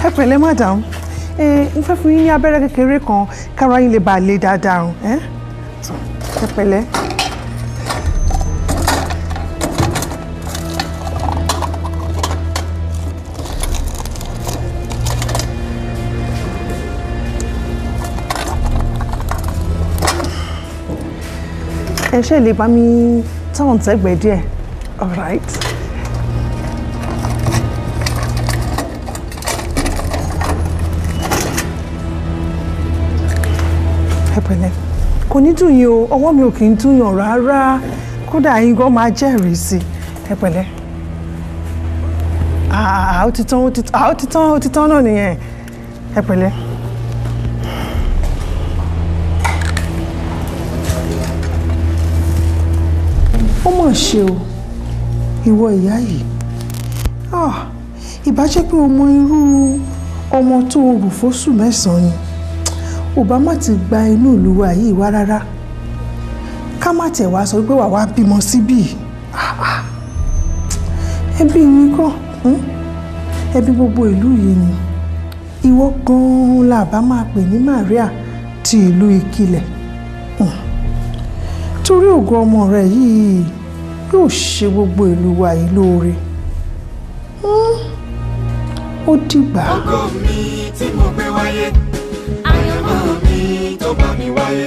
ẹ pẹ̀lẹ́ madam ẹ n fẹ́ fún yín ní abẹ́rẹ́ kékeré kan kára yín lè bàa lè dáadáa rùn ẹ ẹ pẹ̀lẹ́. ẹ ṣe lè bá mi tán ọ̀tẹ̀gbẹ́ díẹ̀ all right. pẹ̀lẹ́ kò ní dùn yín o ọwọ́ mi ò kì í dùnyàn rárá kódà yín gan máa jẹ́rìí sí ẹ pẹ̀lẹ́ àá ó ti tán ó ti tán náà nìyẹn ẹ ó mà ṣe o ìwọ ìyá yìí ìbá jẹ́ pé o irú ọmọ tó o rù fóṣù mẹ́sàn-án ni ò bá má ti gba inú ìlú wa yìí wá rárá ká má tẹ̀ wá sọ pé wà wá bímọ síbí ẹbí mi kọ́ hmm? ẹbí gbogbo ìlú yìí ni ìwọ gan-an la bá máa pè ní Maria ti ìlú Ìkìlẹ̀ hmm. torí ògo ọmọ rẹ yìí yóò ṣe gbogbo ìlú wa yìí lóore hmm. ó dìgbà. ògo mi tí mo gbé wáyé màmá mi tó bá mi wáyé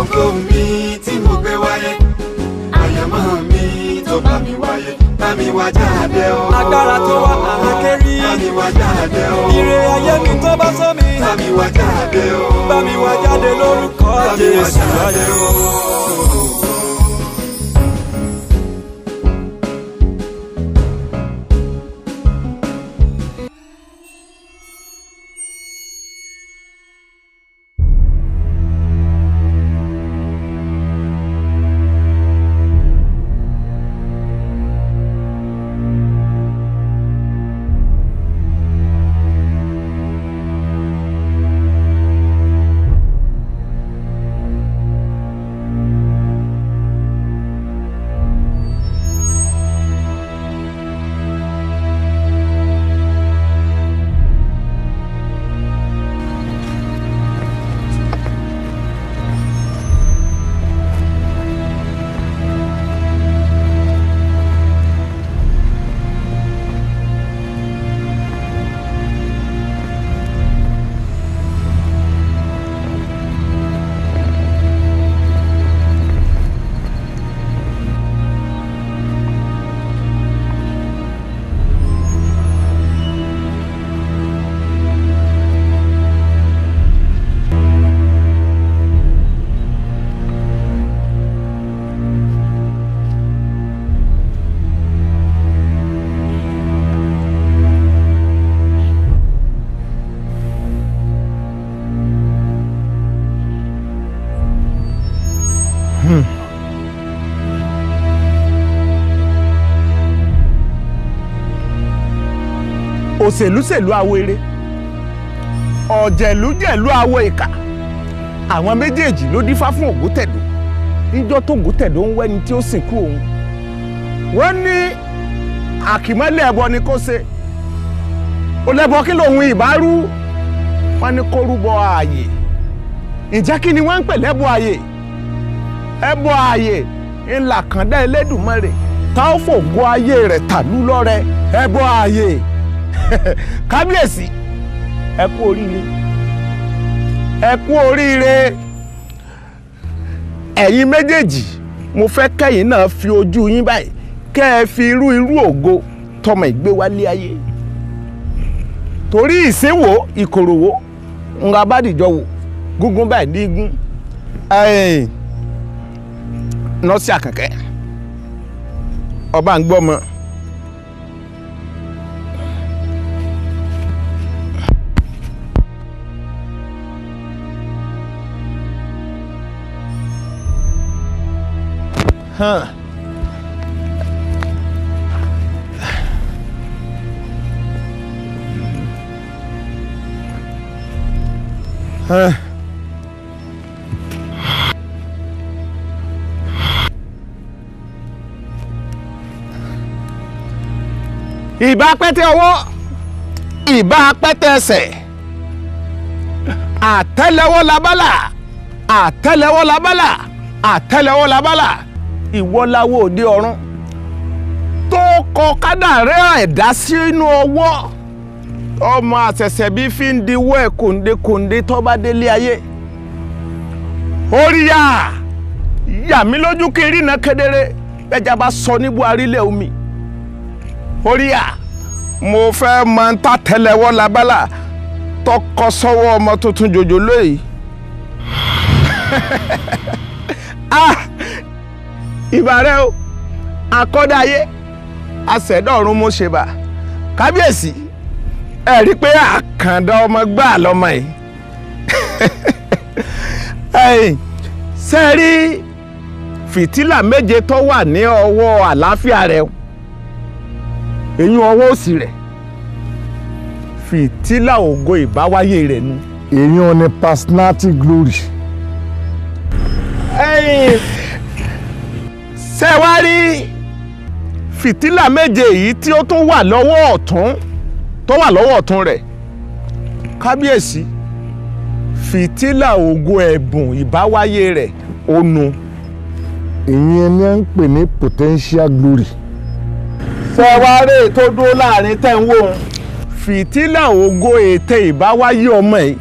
ògo mi tí mo gbé wáyé àyàmọ́ mi tó bá mi wáyé bá mi wá jáde o. agbára tó wà àhákẹ́rì bá mi wá jáde o. ire ayé mi tó bá sọ mi bá mi wá jáde o. bá mi wá jáde lórúkọ Jésù wáyé o. òṣèlúṣèlú awo eré ọ̀jẹ̀lújẹ̀lú awo ìkà àwọn méjèèjì ló dífá fún ògúntẹ̀dọ̀ níjọ́ tó ògúntẹ̀dọ̀ ń wẹ́ni tí ó sìnkú òun wọ́n ní àkìmọ́lẹ̀ ẹbọ ni kó ṣe ó lẹ́bọ kí lòun ìbárú wọ́n ní kó rúbọ ààyè ǹjẹ́ kí ni wọ́n ń pè lẹ́bọ ààyè ẹbọ ààyè ńlá kàndá Elédùmarè tá ó fògo ayé rẹ̀ tàlú lọ́rẹ ẹbọ ààyè. kábíyèsí ẹ kú oríire ẹ kú oríire ẹ̀yin méjèèjì mo fẹ́ kẹ́yìn náà fi ojú yín báyìí kẹ́ ẹ fi irú irú ògo tọmọ ìgbé wálé ayé torí ìsínwó ìkòròwó nga bá wò gúngún báyìí dígún nọ́ọ̀sì àkànkẹ́ ọba ń gbọ́ mọ́. Huh. Huh. ìbá pẹ́tẹ́ ọwọ́ ìbá pẹ́tẹ́ ẹsẹ̀ àtẹ́lẹwọ́ labálà àtẹ́lẹwọ́ labálà àtẹ́lẹwọ́ labálà ìwọ́láwọ́ òde ọ̀run tó kọ kádàrá ẹ̀dá sínú ọwọ́ ọmọ àṣẹ̀ṣẹ̀ bí fi ń diwọ́ ẹ̀ kòǹdekòǹde tó bá délé ayé oríyá yà mí lójú kí n rí iná kedere bẹ́jà bá sọ níbo arílẹ̀ omi oríyá mo fẹ́ mọ ń ta tẹ́lẹ̀wọ́ labala tọkọ sọ́wọ́ ọmọ tuntun jòjòló yìí ah ìbàrẹ̀ o akọ́dáyé aṣẹ̀dọ̀run mo ṣe bà kábíyèsí ẹ rí i pé àkàndá ọmọ gbà lọ́mọ yìí ṣe rí fìtílà méje tó wà ní ọwọ́ àlàáfíà rẹ o eyín ọwọ́ òsì rẹ̀ fìtílà ògo ìbáwáyé rẹ̀ ni. èyí ò ní personality glory. Hey ṣé wá rí fìtílà méje yìí tí ó tún wà lọ́wọ́ ọ̀tún tó wà lọ́wọ́ ọ̀tún rẹ̀ kábíyèsí fìtílà ògo ẹ̀bùn ìbáwáyé rẹ̀ ó nu. ìyẹn ni à ń pè ní potential glory. ṣé wàá rè tó dúró láàrin tẹ́ ń wò ó. fìtílà ògo ète ìbáwáyé ọmọ ẹ̀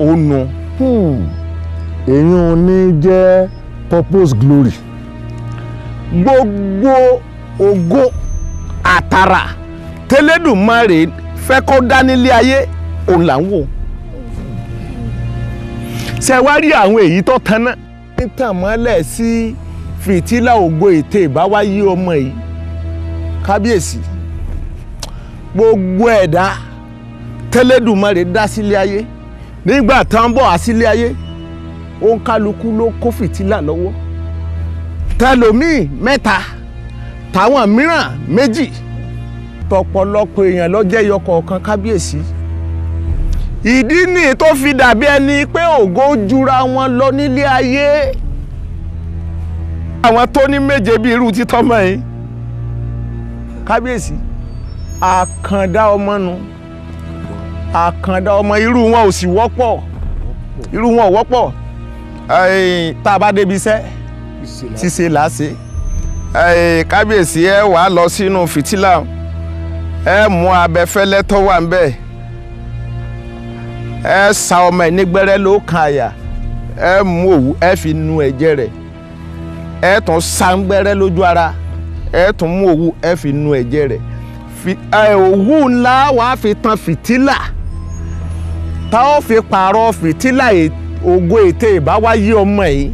ó nu. Hmm, èyí ò ní jẹ́ purpose glory gbogbo ògo àtàrà tẹlẹ́dùmarè fẹ́ kó dánilé ayé òun là ń wò ṣe wá rí àwọn èyí tó tan náà. nítàn mọ́lẹ̀ sí fìtílà ògo ète ìbáwáyé ọmọ yìí kábíyèsí gbogbo ẹ̀dá tẹlẹ́dùmarè dá sílé ayé nígbà tán bọ̀ á sílé ayé ó ń kálukú ló kó fìtílà lọ́wọ́ tẹlòmíì mẹ́ta táwọn mìíràn méjì tọ̀pọ̀lọpọ̀ èèyàn lọ́jẹ́ yọkọ̀ọ̀kan kábíyèsí ìdí ni tó fi dàbí ẹni pé ògo jura wọn lọ nílé ayé àwọn tó ní méje bíi irú títọ́mọ yìí kábíyèsí àkàndá ọmọ nu àkàndá ọmọ irú wọn ò sì wọ́pọ̀ irú wọn ò wọ́pọ̀ tá a bá débi iṣẹ́ ṣíṣe làásì kábíyèsí ẹ wàá lọ sínú fìtílà ẹ mú abẹfẹ́lẹ́ tó wà ńbẹ̀ ẹ sa ọmọ ẹ nígbẹ́rẹ́ ló kan àyà ẹ mú òwú ẹ fi nu ẹ̀jẹ̀ rẹ̀ ẹ tún sa ńgbẹ́rẹ́ lójú ara ẹ tún mú òwú ẹ fi nu ẹ̀jẹ̀ rẹ̀ òwú ńlá wàá fi tan fìtílà tá ó fi pààrọ̀ fìtílà ògo ète ìbáwáyé ọmọ yìí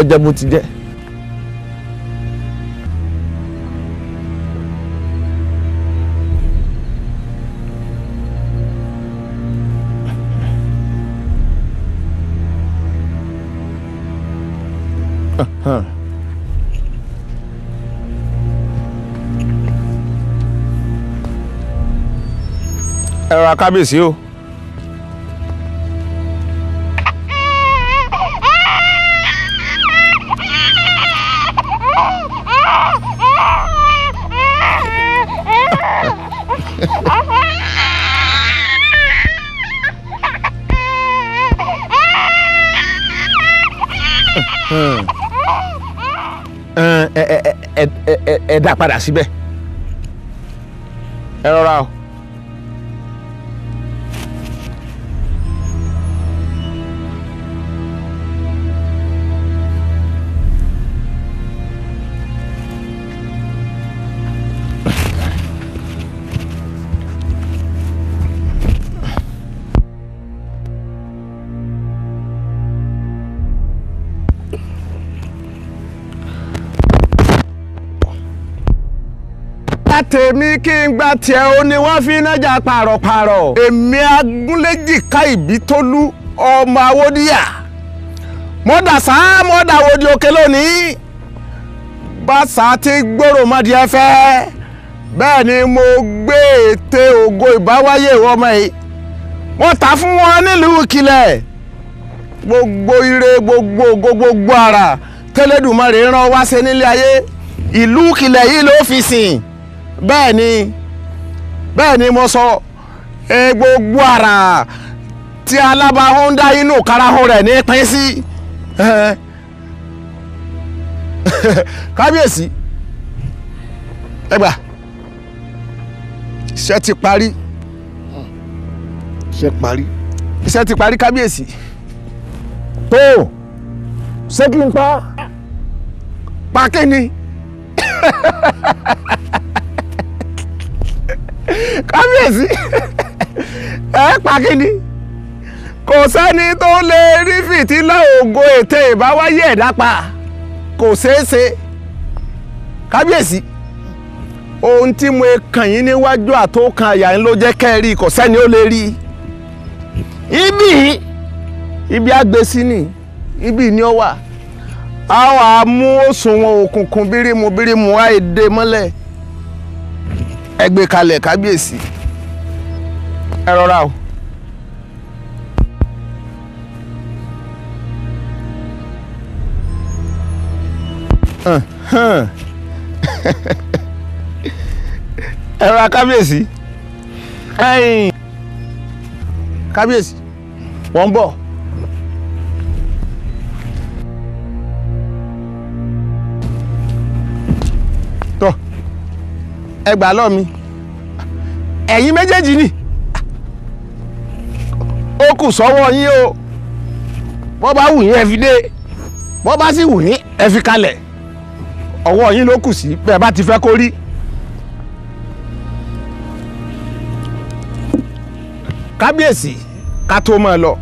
ọjà bó ti jẹ́. Huh. ẹ̀rọ akábíyèsí o. ẹ ẹ ẹ ẹ ẹ dá padà síbẹ̀ ẹ rọra o. tèmi kí n gba tiẹ̀ o ni wọ́n fi nájà pàrọ̀pàrọ̀. èmi agúnlẹ́jìká ìbítólú ọmọ awódíyà mọ́dà sá mọ́dà wòdì òkè lónìí bàṣà ti gbòòrò mọ́dì ẹ fẹ́ bẹ́ẹ̀ ni mo gbé ète ògo ìbáwáyé ọmọ yìí wọ́n ta fún wọn nílùú ìkìlẹ̀ gbogbo ire gbogbo gbogbo ara tẹ́lẹ̀dùmarè rán wá sí nílé ayé ìlú ìkìlẹ̀ yìí ló fi sìn bẹ́ẹ̀ ni bẹ́ẹ̀ ni mo sọ gbogbo ara tí alábàáhùn ń dá inú karahun rẹ̀ ní pín sí kábíyèsí ẹ gbà iṣẹ́ ti parí iṣẹ́ parí iṣẹ́ ti parí kábíyèsí tó ṣé kí n pa pa kí ni. kábíyèsí ẹ pa kíni kò sẹ́ni tó lè rí fìtílà ògo ète ìbáwáyé ẹ̀dá pa kò ṣeé ṣe kábíyèsí ohun tí mo kàn yín níwájú àtòkan àyà ń jẹ́ kẹ́rí kò sẹ́ni ó lè rí ibi ibi àgbèsí ni ibi ni ó wà a wà á mú òṣùwọ̀n òkùnkùn bírímù bírímù àìdè mọ́lẹ̀ ẹ gbé kalẹ̀ kábíyèsí ẹ rọra o. ẹ rọra kábíyèsí kábíyèsí wọ́n ń bọ̀. ẹ gbà lọ́ mi ẹ̀yin méjèèjì ni ó kù sọ́wọ́ yín o bọ́ bá wù yín ẹ fi dé bọ́ bá sì wù yín ẹ fi kalẹ̀ ọwọ́ yín ló kù sí bẹ́ẹ̀ bá ti fẹ́ kó rí. kábíyèsí ká tó máa lọ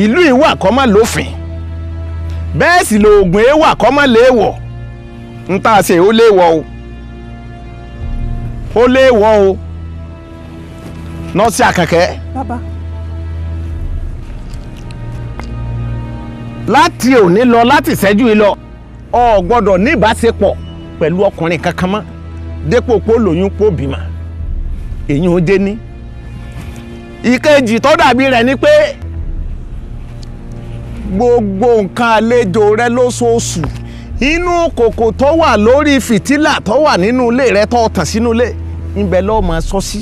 ìlú ìwà kọ́ má lófin bẹ́ẹ̀ sì lóògùn èèwà kọ́ má léèwọ̀ ń tà ṣe ó léèwọ̀ o. ó léèwọ̀ o nọ́ọ̀sì àkànkẹ́. bàbá. láti òní lọ láti ìṣẹ́jú ilọ ọ gbọ́dọ̀ ní ìbáṣepọ̀ pẹ̀lú ọkùnrin kankan mọ́ dépò pé lóyún èyí ò dé ní. ìkejì tó dàbí rẹ̀ ni pé gbogbo nǹkan àlejò rẹ lóṣooṣù inú kòkò tó wà ńbẹ lọ́mọ sọ́sí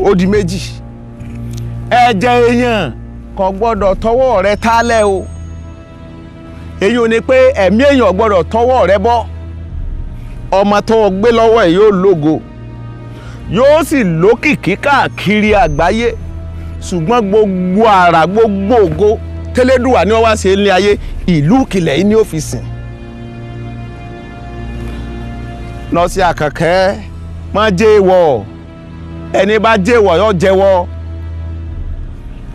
ó di méjì ẹ̀jẹ̀ èèyàn kò gbọ́dọ̀ tọwọ́ rẹ tálẹ̀ o èyí ò ní pé ẹ̀mí èèyàn gbọ́dọ̀ tọwọ́ rẹ bọ́ ọmọ tó o gbé lọ́wọ́ ẹ̀ yóò lógo yóò sì lókìkí káàkiri àgbáyé ṣùgbọ́n gbogbo àrà gbogbo ògo tẹ́lẹ́dùwà ni wọ́n wá ṣe ní ayé ìlú ìkìlẹ̀ yìí ni ó fi sìn lọ sí àkàkẹ́ má jẹ́ ìwọ ẹni bá jẹ́ ìwọ yóò jẹ́wọ́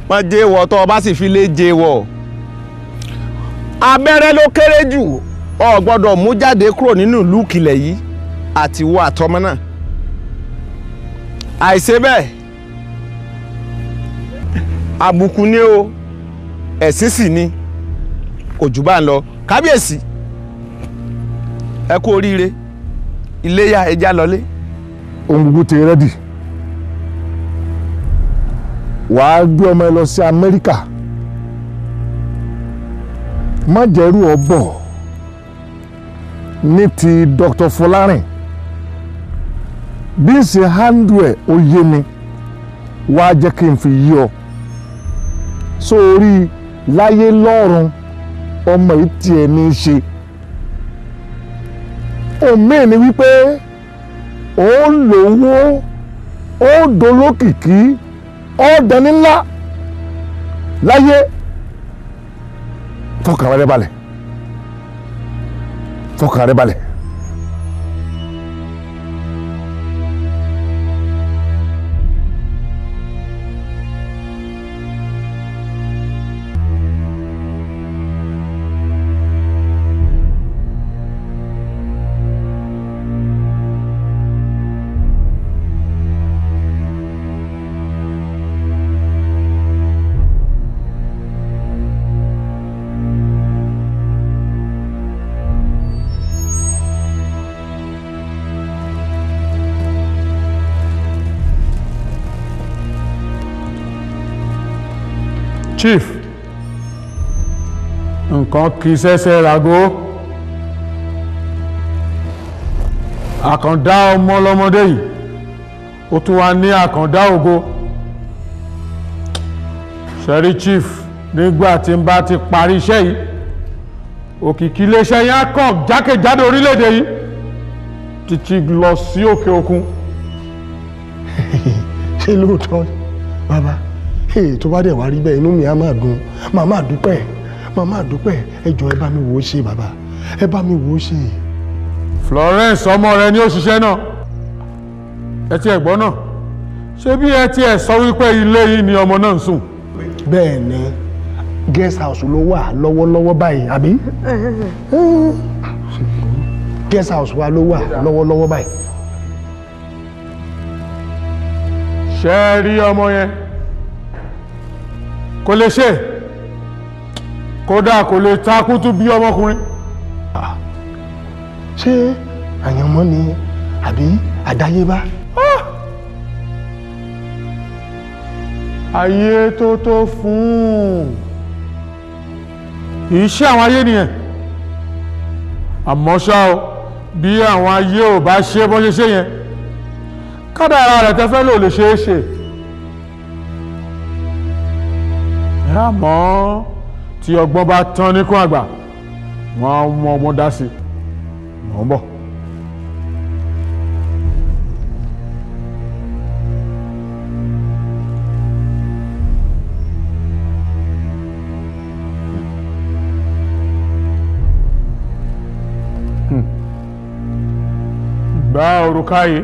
má jẹ́ ìwọ tó o bá sì fi lè jẹ́ ìwọ abẹ́rẹ́ ló kéré jù ọ gbọ́dọ̀ mú jáde kúrò nínú ìlú ìkìlẹ̀ yìí àti ìwọ àtọmọ náà àìṣe bẹ́ẹ̀ àbùkù ni o ẹ̀sín sì ni kò jù bá ń lọ kábíyèsí ẹ kú oríire iléyá ẹja lọlé ohun gbogbo ti rẹ́dì wàá gbé ọmọ ẹ lọ sí Amẹ́ríkà má jẹ́rú ọ̀bọ̀ ní ti Dr. Fọlárìn bí n ṣe handle ẹ̀ ó yé mi wàá jẹ́ kí n fi yí ọ sórí láyé lọ́run ọmọ yìí tiẹ̀ ní í ṣe òmíì ni wípé ó lówó ó dolókìkí ó dání ńlá láyé fọkàn rẹ balẹ̀ fọkàn rẹ balẹ̀. chief nǹkan kì í ṣẹ̀ṣẹ̀ ràgó àkàndá ọmọ ọlọ́mọdé yìí ó tún wá ní àkàndá ògo sẹ́rí chief nígbà tí n bá ti parí iṣẹ́ yìí òkìkí iléeṣẹ́ yẹn á kàn jákèjádò orílẹ̀-èdè yìí títí lọ sí òkè òkun. ṣé lóòótọ́ bàbá tó bá dẹ̀ wá rí bẹ́ẹ̀ inú mi á máa dùn màmá àdúpẹ́ màmá àdúpẹ́ ẹ jọ̀ọ́ ẹ bá mi wò ó ṣe bàbá ẹ bá mi wò ó ṣe. Florence ọmọ rẹ ni ó ṣiṣẹ́ náà ẹ ti ẹ̀ gbọ́ náà ṣé bí ẹ ti ẹ̀ sọ wípé ilé yìí ni ọmọ náà ń sùn. bẹ́ẹ̀ ni guest house ló wà lọ́wọ́lọ́wọ́ báyìí àbí guest house wa ló wà lọ́wọ́lọ́wọ́ báyìí. ṣé ẹ rí ọmọ yẹn kò lè ṣe kódà kò lè takútú bí ọmọkùnrin. ṣé àyànmọ́ ni àbí àdáyébá. ayé tó tó fún un iṣẹ́ àwọn ayé nìyẹn àmọ́ ṣá o bí àwọn ayé ò bá ṣe bó ṣe ṣe yẹn kádàrá rẹ̀ tẹ́fẹ́ lò lè ṣeé ṣe. àmọ́ tí ọgbọ́n bá tán níkún àgbà wọ́n á mú ọgbọ́n dá sí i wọ́n bọ̀. Hmm. gba òrùka yìí.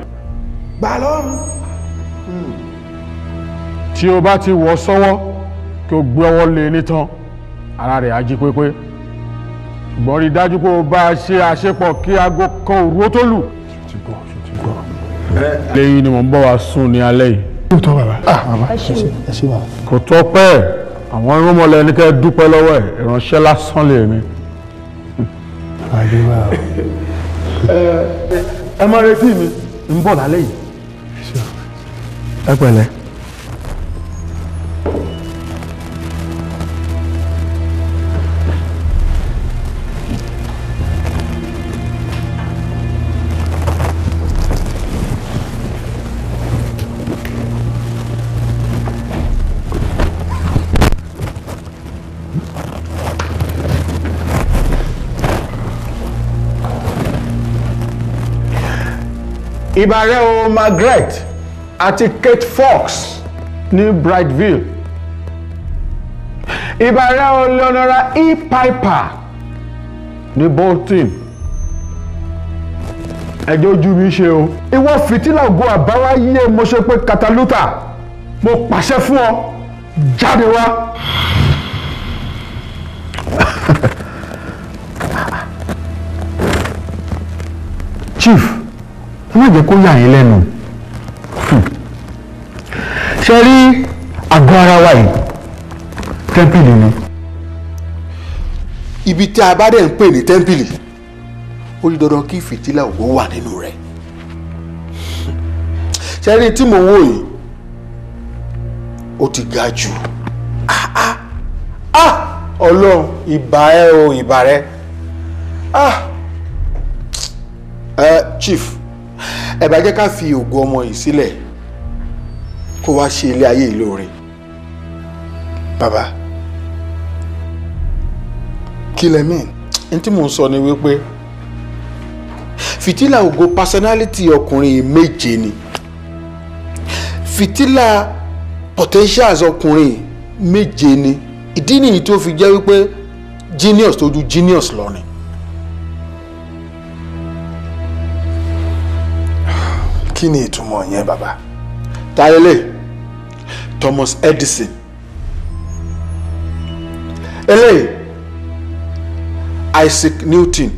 gbà lọ́rùn. tí o bá ti wọ̀ sọ́wọ́. So kí o gbọ́wọ́ lé e nítán ara rẹ̀ á jí pépé ṣùgbọ́n rí dájú pé o bá a ṣe àṣepọ̀ kí aago kan òru ó tó lù. lẹ́yìn ni mò ń bọ̀ wá sùn ní alẹ́ yìí. kò tọ́ ah, bàbá ẹ ṣe bàbá. kò tọ́ pẹ́ àwọn irúnmọlẹ̀ ní kẹ́ dúpẹ́ lọ́wọ́ ẹ̀ ìránṣẹ́ lásán lè mi. ẹ má retí mi ń bọ̀ lálẹ́ yìí. ẹ pẹ̀lẹ́. ìbàrẹ̀ o Margaret àti Kate Fox ní Brightville ìbàrẹ̀ o Leonora E. Piper ní Bolton ẹjọ́ ojú mi ṣe o ìwọ fìtílà ògo àbáwáyé mo ṣe pé kataluta mo pàṣẹ fún ọ jáde wá. Chief má jẹ́ kó yà yín lẹ́nu hmm. ṣe rí àgọ́ ara wa yìí tẹ́ḿpìlì ni. ibi tí a bá dẹ̀ ń pè ní tẹ́ḿpìlì ó di dandan kí fìtílà òwò wà nínú rẹ̀ ṣe rí tí mo wò yìí ó ti ga jù ah, ah, ah, ọlọ́run ìbà ẹ o ìbà rẹ ah, ah. chief ẹ bá jẹ́ ká fi ògo ọmọ yìí sílẹ̀ kó wá ṣe ilé ayé ìlóore bàbá kí lẹ mí n tí mò ń sọ ni wípé fìtílà ògo personality ọkùnrin méje ni fìtílà potentials ọkùnrin méje ni ìdí nìyí tó fi jẹ́ wípé genius tó ju genius lọ kí ni ìtumọ̀ yẹn bàbá tayele Thomas Edison eléyìí Isaac Newton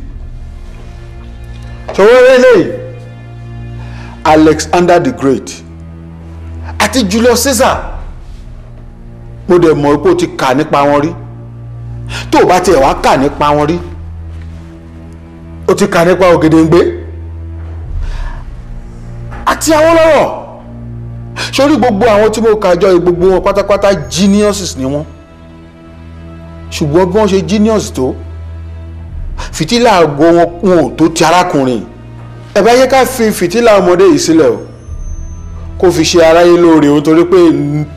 sọwọ́rọ́ Alexander the Great àti Julius Caesar mo dẹ̀ mọ̀ pé o ti kà nípa wọn rí tó o bá tiẹ̀ wá kà nípa wọn rí o ti kà nípa Ògèdèngbé àti àwọn lọ́rọ̀ sórí gbogbo àwọn tí mo kà jọ gbogbo wọn pátápátá geniuses ni wọ́n ṣùgbọ́n bí wọ́n ṣe genius tó fìtílà àgọ́ wọn kún ò tó ti arákùnrin ẹ bá yẹ ká fi fìtílà ọmọdé yìí sílẹ̀ o kó fi ṣe aráyé lóore o torí pé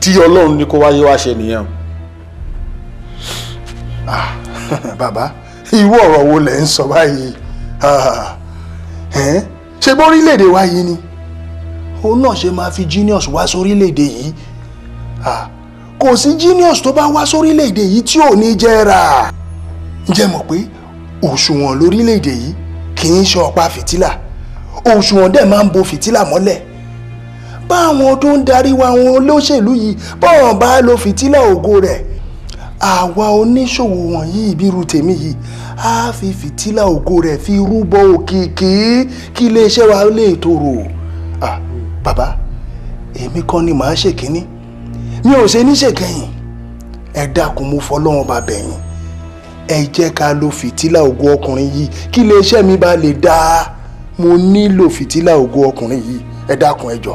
tí ọlọ́run ní kó wáyé wá ṣe nìyẹn ah, bàbá irú ọ̀rọ̀ wo lẹ̀ ń sọ báyìí ah, ṣe bórílẹ̀-èdè wa yìí ni. Ah, òun náà ṣe máa fi genius wá sórílẹ̀-èdè yìí kò sí genius tó bá wá sórílẹ̀-èdè yìí tí ò ní jẹ́ra ǹjẹ́ mọ̀ pé òṣùwọ̀n lórílẹ̀-èdè yìí kì í ṣe ọ̀pá fìtílà òṣùwọ̀n dẹ̀ máa ń bo fìtílà mọ́lẹ̀ báwọn tó ń darí wa àwọn olóṣèlú yìí báwọn bá lo fìtílà ògo rẹ̀ àwa oníṣòwò wọ̀nyí ìbírú tèmi yìí á fi fìtílà ògo rẹ̀ fi rúbọ òkìkí kí iléeṣẹ́ wa lè tòrò. Baba, èmi kọ́ ni màá ṣèkínní mi ò ṣe ní ṣèkẹyìn ẹ dákun mo fọlọ́run bá bẹ̀yìn ẹ jẹ́ ká lo fìtílà ògo ọkùnrin yìí kí iléeṣẹ́ mi bá lè dáa mo nílò fìtílà ògo ọkùnrin yìí ẹ dákun ẹ jọ.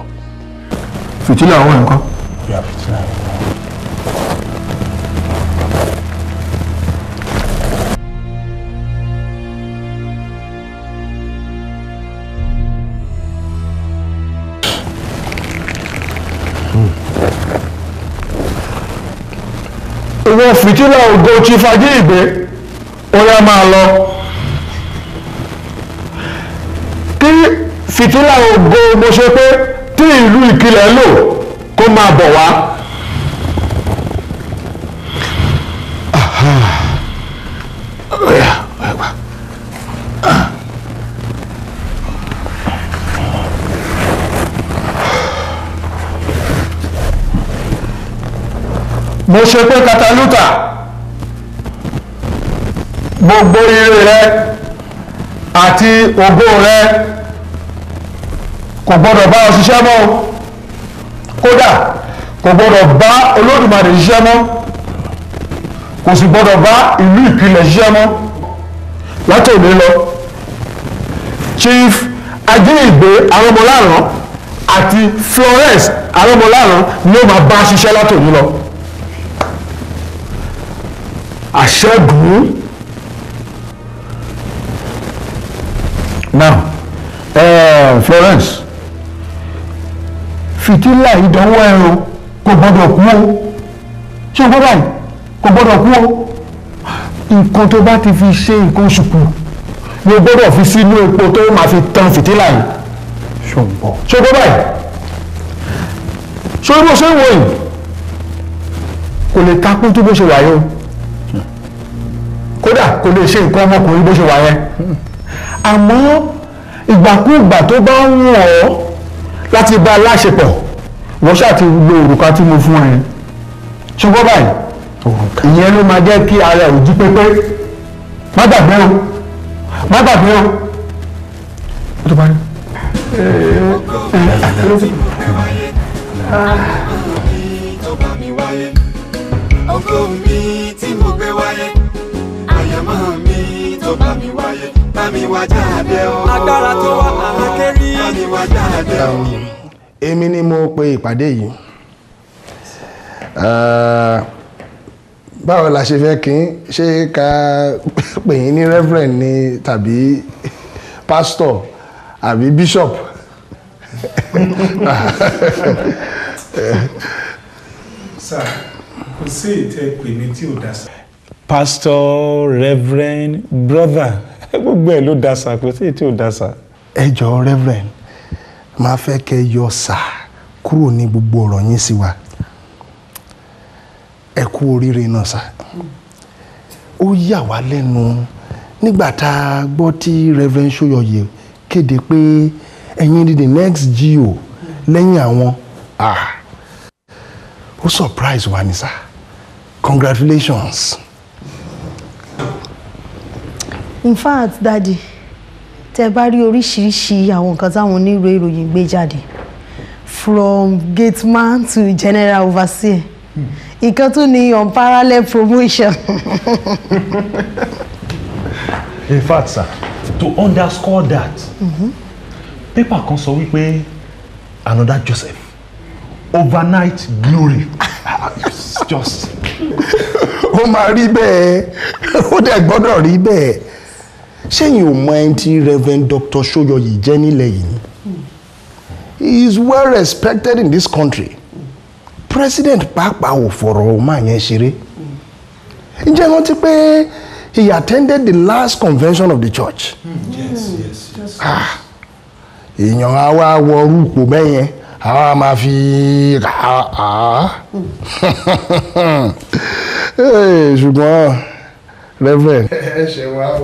fìtílà owó nǹkan. ìyá fìtílà owó. fìtílà ògo ti fagí ìgbé ó yá máa lọ kí fìtílà ògo mo ṣe pé tí ìlú ìkìlẹ̀ lò kó máa bọ̀ wá. mo ṣe pé kataluta gbogbo ire rẹ àti ògbó rẹ kò gbọdọ̀ bá ọ ṣiṣẹ́ mọ́ kódà kò gbọdọ̀ bá Olódùmarè ṣiṣẹ́ mọ́ kò sì gbọdọ̀ bá ìlú ìpìlẹ̀ ṣiṣẹ́ mọ́ láti lọ Chief Ajínigbé Arọ́mọláràn àti Florence Arọ́mọláràn ni ó máa bá ṣiṣẹ́ láti òní lọ àṣẹ́gun Florence fìtílà ìdánwò ẹ̀rọ kò gbọ́dọ̀ kú o ṣé o gbọ́ báyìí kò gbọ́dọ̀ kú o nǹkan tó bá ti fi ṣe nǹkan oṣù kù ni o gbọ́dọ̀ fi sínú epo tó máa fi tan fìtílà yìí ṣé o gbọ́ báyìí ṣé o bó ṣe ń wò yìí kò lè takún tó bó ṣe wà yìí o kódà kò lè ṣe nǹkan ọmọkùnrin bó ṣe wà yẹn àmọ́ ìgbàkúùgbà tó bá ń wọ̀ ọ́ láti bá a láṣepọ̀ wọ́n ṣáà ti lo òrùka tí mo fún ẹ ṣùgbọ́n báyìí ìyẹn ló máa jẹ́ kí ara ò jí pépé má gbàgbé o má gbàgbé o. ó bámi wá jáde o. agbára tó wà àhákẹ́rì. bámi èmi ni mo pe ìpàdé yìí báwo la ṣe fẹ́ kí n ṣe ká pè yín ní reverend ni tàbí pastor àbí bishop sir kò sí ìtẹ́ pè mí tí pastor reverend brother gbogbo ẹ̀ ló da sa kò sí ètò da sa. ẹ jọ̀ọ́ reverend máa fẹ́ kẹ́ yọ sà kúrò ní gbogbo ọ̀rọ̀ yín sí wa ẹ kú oríire náà sà ó yà wá lẹ́nu nígbà tá a gbọ́ tí reverend Soyọyẹ kéde pé ẹ̀yin di the next GO lẹ́yìn àwọn ah ó surprise wa ni sà congratulations in fact dadi tẹ bá rí oríṣiríṣi àwọn nǹkan táwọn onírò ìròyìn gbé jáde from gate man to general overseer ìkan tún ni parallel promotion. in fact sir to underscore that mm-hmm. paper kan sọ wípé another Joseph overnight glory just. ó máa rí bẹ́ẹ̀ ó dẹ̀ gbọ́dọ̀ rí bẹ́ẹ̀ ṣẹ́yìn ò mọ ẹni tí Reverend Doctor Soyoyi jẹ́ nílẹ̀ yìí ni he is well respected in this country president pàápàá ò fọ̀rọ̀ ọmọ yẹn ṣeré ǹjẹ́ rántí pé he attended the last convention of the church ah, èèyàn á wá wọ orúkọ bẹ́yẹn á wá máa fi rà eh, ṣùgbọ́n reverend. ẹ ṣe wá o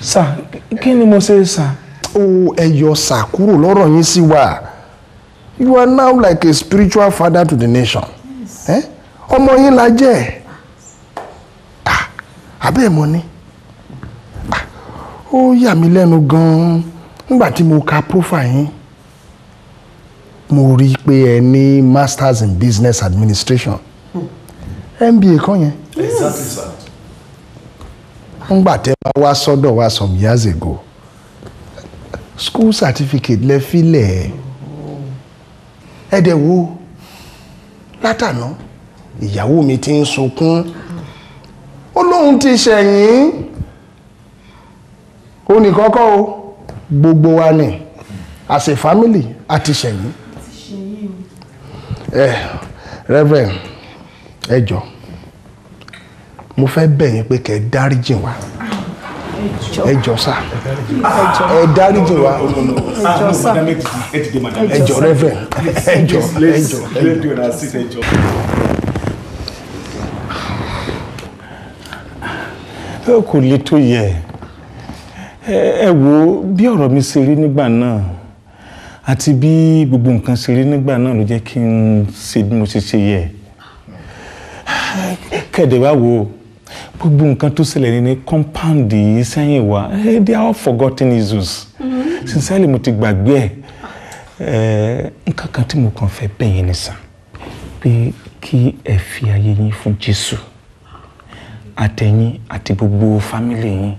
sà kí ni mo ṣe sà. o ẹ yọ sà kúrò lọ́rọ̀ yín sí wa you are now like a spiritual father to the nation eh? ọmọ yín la jẹ́ àbẹ́ ẹ̀ mọ́ ni ó yà mí lẹ́nu gan-an nígbà tí mo ka profile yín mo rí i pé ẹ ní masters in business administration mba hmm. kan yẹn. exactly sir ńgbà tẹ́ bá wá sọ́dọ̀ wa some years ago school certificate lẹ filẹ̀ ẹ wo látàná ìyàwó mi ti ń sunkún ó lóun ti ṣẹ̀yìn ó o gbogbo wa ni as a family a ti ṣẹ̀yìn ẹ reverend ẹ jọ̀ọ́ mo fẹ́ bẹ̀ yín pé kẹ́ ẹ dáríjì wá ẹ jọ sá ẹ dáríjì wá ẹ jọ rẹ́fẹ̀ ẹ jọ ẹ jọ ẹ jọ. ẹ kò lè tó yẹ ẹ wo bí ọ̀rọ̀ mi ṣe rí nígbà náà àti bí gbogbo nǹkan ṣe rí nígbà náà ló jẹ́ kí n ṣe bí mo ṣe ṣe yẹ kẹ̀dẹ̀ wá wo gbogbo nǹkan tó ṣẹlẹ̀ ní compound yìí sẹ́yìn wa hey, eh, they are all forgotten issues mm-hmm. sincerely mo ti gbàgbé ẹ̀ eh, nǹkan kan tí mo kàn fẹ́ bẹ̀yìn nìsan pé kí ẹ fi ayé yín fún Jésù àtẹ̀yìn àti gbogbo fámìlì yín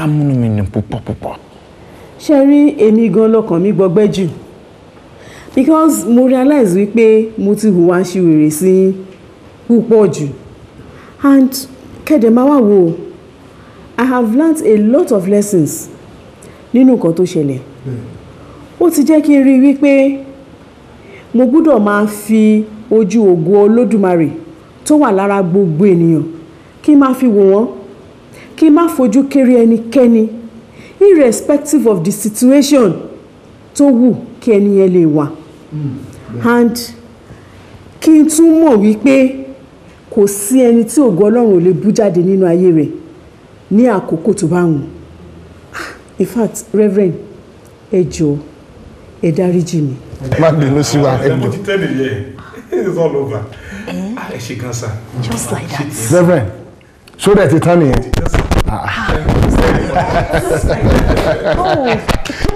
àmúnú mi nì púpọ̀ púpọ̀. ṣe rí èmi gan lọ́kàn mi gbọgbẹ́ jù because mo realize wípé mo ti hùwà ṣiwèrè sí púpọ̀ jù. And Kedemawa wo, I have learnt a lot of lessons nínú nǹkan tó ṣẹlẹ̀. Ó ti jẹ́ kí n rí i wípé mo gbúdọ̀ máa fi ojú ògo Olódùmarè tó wà lára gbogbo ènìyàn kí n máa fi wò wọ́n kí n má fojú kéré ẹnikẹ́ni irrespective of the situation tó wù kí ẹni yẹn lè wà. Hmm, And kí n tún mọ̀ wípé kò sí ẹni tí ògo ọlọ́run ò lè bú jáde nínú ayé rẹ̀ ní àkókò tó bá wù ah, in fact reverend ẹ jọ̀ọ́ ẹ dáríjì mi. má bínú sí wa ẹ jọ̀ọ́. mo ti tẹ́lẹ̀ yẹ it's all over. Ah, ẹ ṣe kan sa. just like that. reverend so that ti tán nìyẹn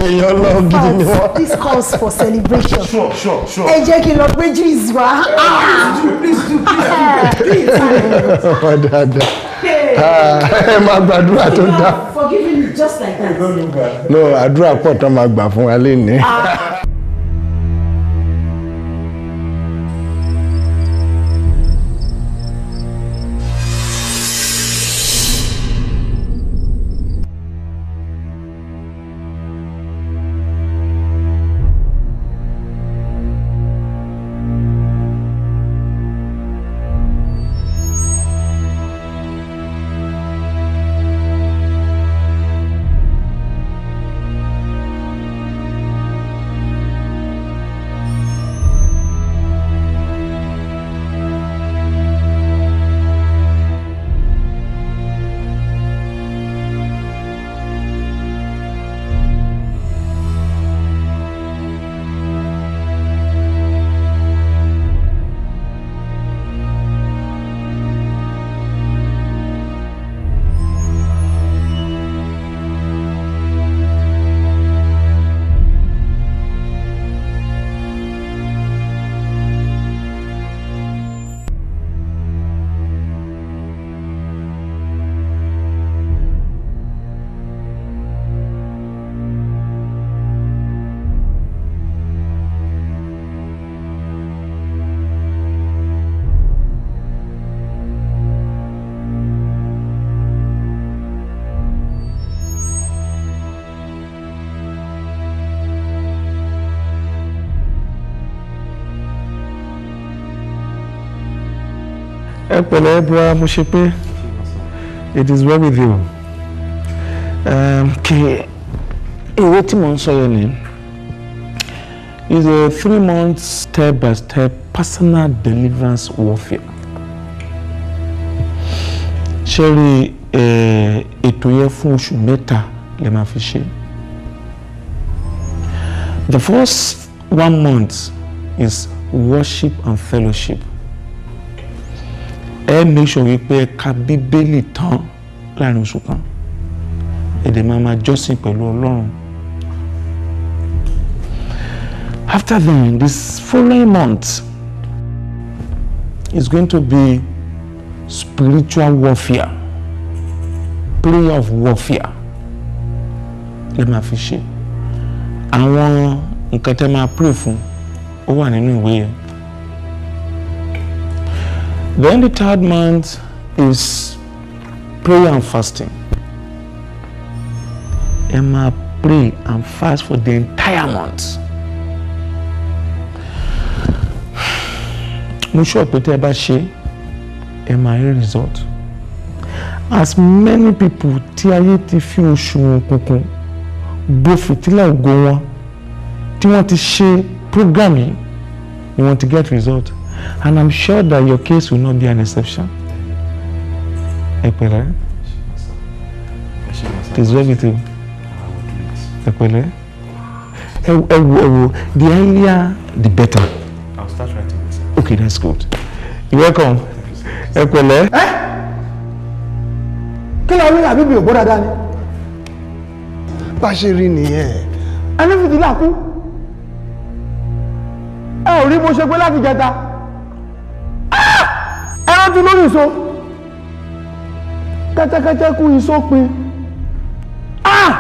èèyàn lọ gidi ni wọn. this calls for celebration. sure sure sure. ẹ jẹ́ kí n lọ gbé juice wá. Ah! dáadáa ah, ẹ máa gbàdúrà tó Forgive me just like that. no àdúrà pọ̀ tán máa gbà fún wa lé ẹ pẹ̀lẹ́ ẹ mo ṣe pé it is well with you um, kì ìwé tí mo ń sọ yẹn ni is a three month step by step personal deliverance warfare ṣe rí ètò yẹn fún oṣù mẹ́ta lè máa fi ṣe the first one month is worship and fellowship ẹ make sure wípé ẹ ka bíbélì tán láàrin oṣù kan ẹ dẹ̀ máa máa jọ́sìn pẹ̀lú ọlọ́run. After then, this following month is going to be spiritual warfare, prayer of warfare. Lè máa fi ṣe. Àwọn nǹkan tẹ́ máa pray fún ó wà nínú ìwé yẹn. Then the third month is prayer and fasting. Ẹ máa pray and fast for the entire month. Mo sure pé tẹ́ ẹ bá ṣe ẹ result. As many people tí ayé ti fi òṣùwọ̀n òkùnkùn bo fìtílà ògo wọn tí wọ́n ti ṣe program yìí ni wọ́n ti get result and I'm sure that your case will not be an exception. Ẹ pẹ̀lẹ́. Deserve it o. Ẹ pẹ̀lẹ́. Ẹ the earlier the better. I'll start writing. away Okay that's good. You're welcome. Ẹ Eh? Ẹ́ kí ló rí àbíbi ògbó dáadáa ni. Bá a ṣe rí nìyẹn. Ẹni fìdí làkú. Ẹ ò rí mo ṣe pé láti jẹta jù lórí ìso kẹ́tẹ́kẹ́tẹ́ kú ìsópin ah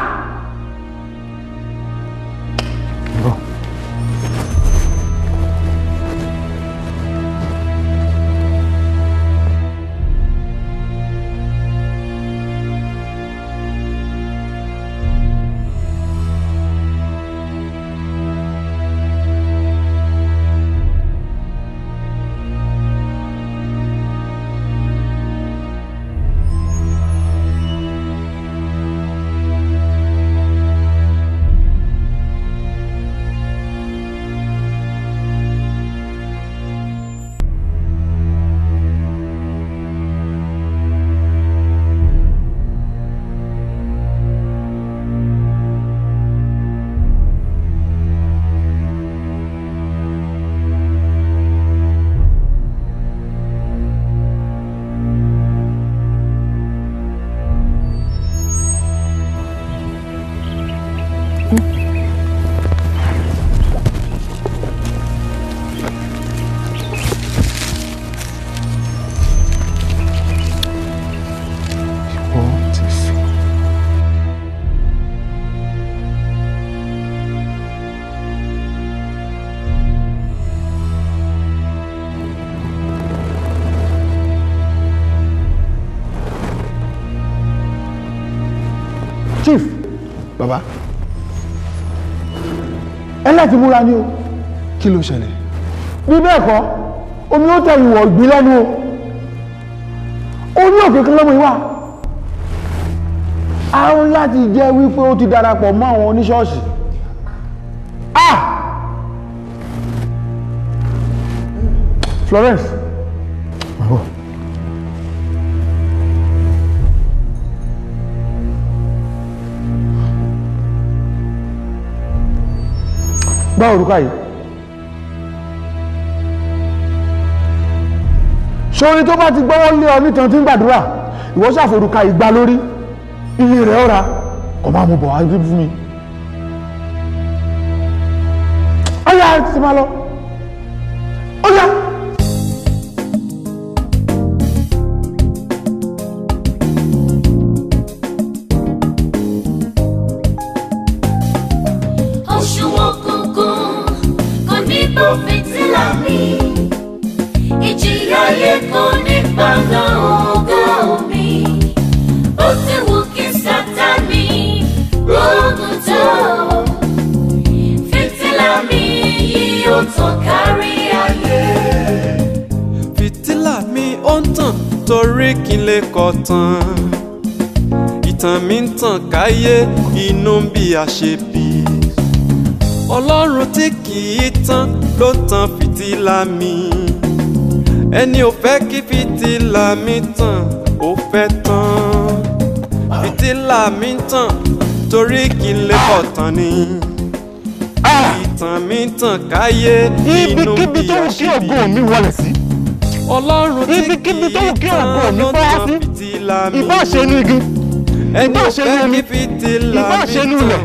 chief baba ẹlẹ́tì múra ni o kí ló ṣẹlẹ̀ bí bẹ́ẹ̀ kọ́ omi ó tẹ ìwọ̀ ìgbín lẹ́nu o ó ní òkè kan lọ́mọ ìwà a ń láti jẹ́ wípé ó ti darapọ̀ mọ́ àwọn oníṣọ́ọ̀ṣì ah Florence gbá òrùka yìí sórí tó bá ti gbọ́wọ́ lé ọ nítan tí ń gbàdúrà ìwọ ṣàforùka ìgbà lórí iye rẹ̀ ọ̀ra kò máa mú bọ̀ wá fún mi ọ̀yà ti máa lọ ọ̀yà. tán ìtàn mi ń tàn káyé inú bí a ṣe bí ọlọ́run tí kì í tán ló tan fìtílà mi ẹni ò fẹ́ kí fìtílà mi tàn ó fẹ́ tán fìtílà mi tàn torí kí n lè bọ̀ tán ni ìtàn mi tàn káyé inú bí a ṣe bí ọlọ́run tí kì í tán ló tan fìtílà mi ìbá ṣẹnu igi ìbá ṣẹnu omi ìbá ṣẹnu ilẹ̀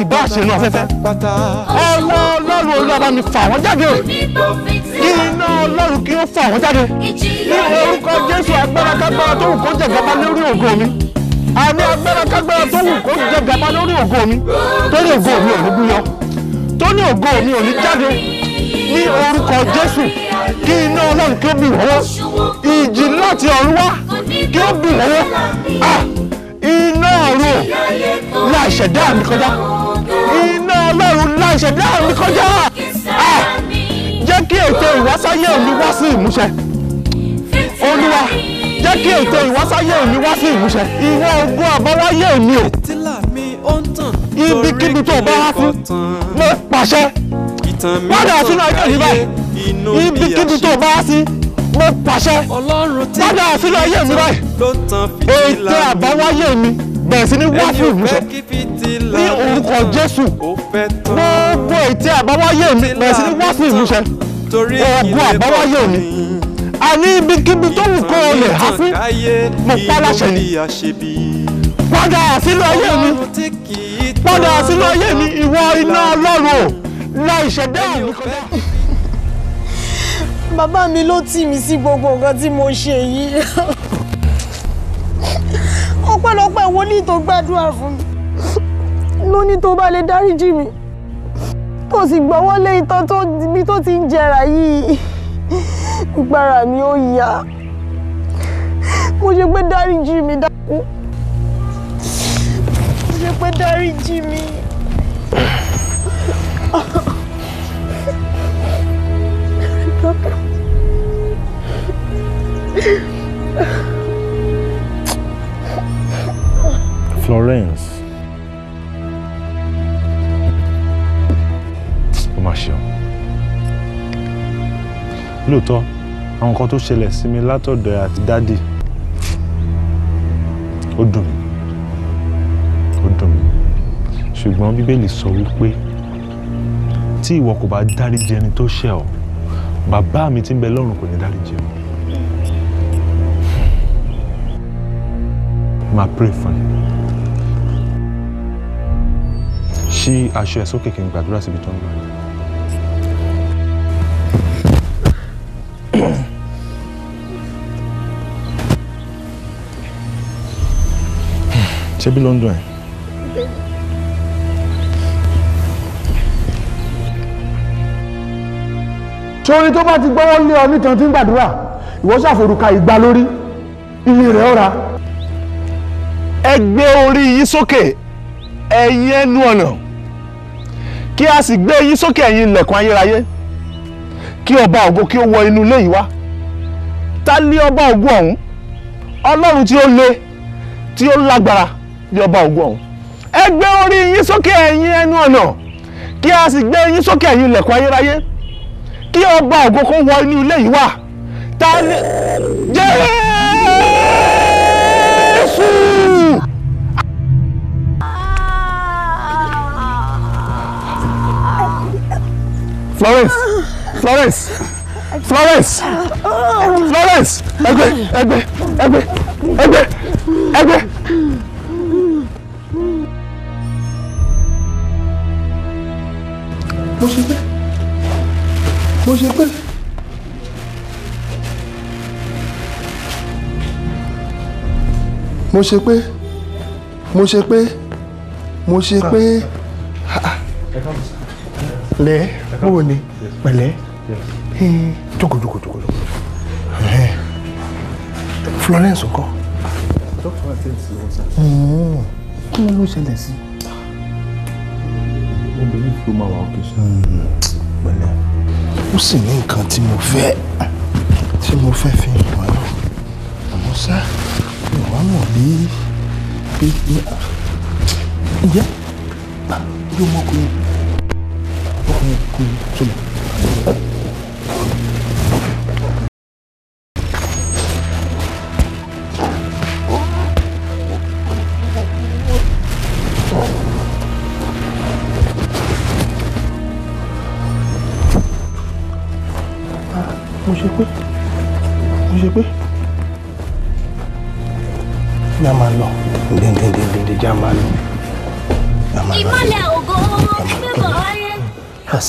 ìbá ṣẹnu afẹ́fẹ́ ọlọ́ ọlọ́run olúwa bá mi fà wọ́n jáde iná ọlọ́run kí ó fà wọ́n jáde ní orúkọ jésù agbára kágbára tó wù kó jẹ gàba lórí ògo mi àmì agbára kágbára tó wù kó jẹ gàba lórí ògo mi torí ògo mi ò ní gúnyọ torí ògo mi ò ní jáde ní orúkọ jésù kí iná ọlọ́run kí ó bì wọ́n ìjì láti ọ̀run wá kí ó bù wọ́wọ́ iná ọ̀run la ìṣẹ̀dá mi kọjá iná ọlọ́run la ìṣẹ̀dá mi kọjá jẹ́ kí ètò ìwásáyé mi wá sí ìmúṣẹ olúwa jẹ́ kí ètò ìwásáyé mi wá sí ìmúṣẹ ìwọ ogún àbáwáyé mi o ibikíbi tó bá wá fún mo pàṣẹ padà sínú ayé òní báyìí ibikíbi tó bá wá sí mo pàṣẹ lọ́dọ̀ àfihàn ayé mi báyìí ètò àbáwáyé mi bẹ̀rẹ̀ sí ní wá fún ìbùsọ̀ ní orúkọ Jésù gbogbo ètò àbáwáyé mi bẹ̀rẹ̀ sí ní wá fún ìbùsọ̀ àbáwáyé mi àní ibikíbi tó wù kó o lè fún mo pa láṣẹ ni padà sínú ayé mi padà sínú ayé mi ìwọ iná Ọlọ́run o la ìṣẹ̀dá mi kọjá bàbá mi ló tì mí sí gbogbo nǹkan tí mo ṣe yìí ọpẹ́lọpẹ́ wòlíì tó gbàdúrà fún mi ló ní tó bá lè dáríjì mi tó sì gbọ́wọ́ lé itan tó ibi tó ti ń jẹrà yìí ìgbára mi ó yá mo ṣe pé dáríjì mi dákú mo ṣe pé dáríjì mi. Florence. ó mà ṣeun lóòótọ́ àwọn nǹkan tó ṣẹlẹ̀ sí mi látọ̀dọ̀ àti dádì ó dùn mí ó dùn mí ṣùgbọ́n bíbélì sọ wípé tí ìwọ kò bá dáríjì ẹni tó ṣẹ̀ ọ́ bàbá mi tí ń bẹ lọ́run kò ní dáríjì ọ́ hmm. máa pray fún ẹ. ṣí aṣọ ẹ̀ sókè kí n gbàdúrà síbi tó ń lọ yìí. ṣé bí ló ń dùn ẹ́. torí tó bá ti gbọ́wọ́ lé ọ nítan tí ń gbàdúrà ìwọ ṣàforúka ìgbà lórí iye rẹ̀ ọ̀ra. ẹ gbé orí yìí sókè ẹ̀yin ẹnu ọ̀nà kí a sì gbé yín sókè ẹ̀yin ilẹ̀kùn ayérayé kí ọba ògo kí ó wọ inú ilé yìí wá ta ni ọba ògo ọ̀hún ọlọ́run tí ó le tí ó lágbára ni ọba ògo ọ̀hún ẹ gbé orí yín sókè ẹ̀yin ẹnu ọ̀nà kí a sì gbé yín sókè ẹ̀yin ilẹ̀kùn ayérayé kí ọba ògo kó wọ inú ilé yìí wá ta ni jésù. Florence Florence Florence Florence ẹgbẹ́ ẹgbẹ́ ẹgbẹ́ ẹgbẹ́ ẹgbẹ́. mo ṣe pé mo ṣe pé. mo ṣe pé mo ṣe pé mo ṣe pé lẹ́ẹ̀ bó ni pẹ̀lẹ́ jókòó jókòó jókòó Florence ńkọ́. Hmm. kí ló ló ṣẹlẹ̀ sí. obìnrin ló máa wà ókè ṣá. pẹ̀lẹ́ ó sì ní nǹkan tí mo fẹ́ tí mo fẹ́ fi hàn án àmọ́ ṣá ìwà mọ̀ bí bí ìyá yóò mọ̀ pé. 嗯嗯，是的。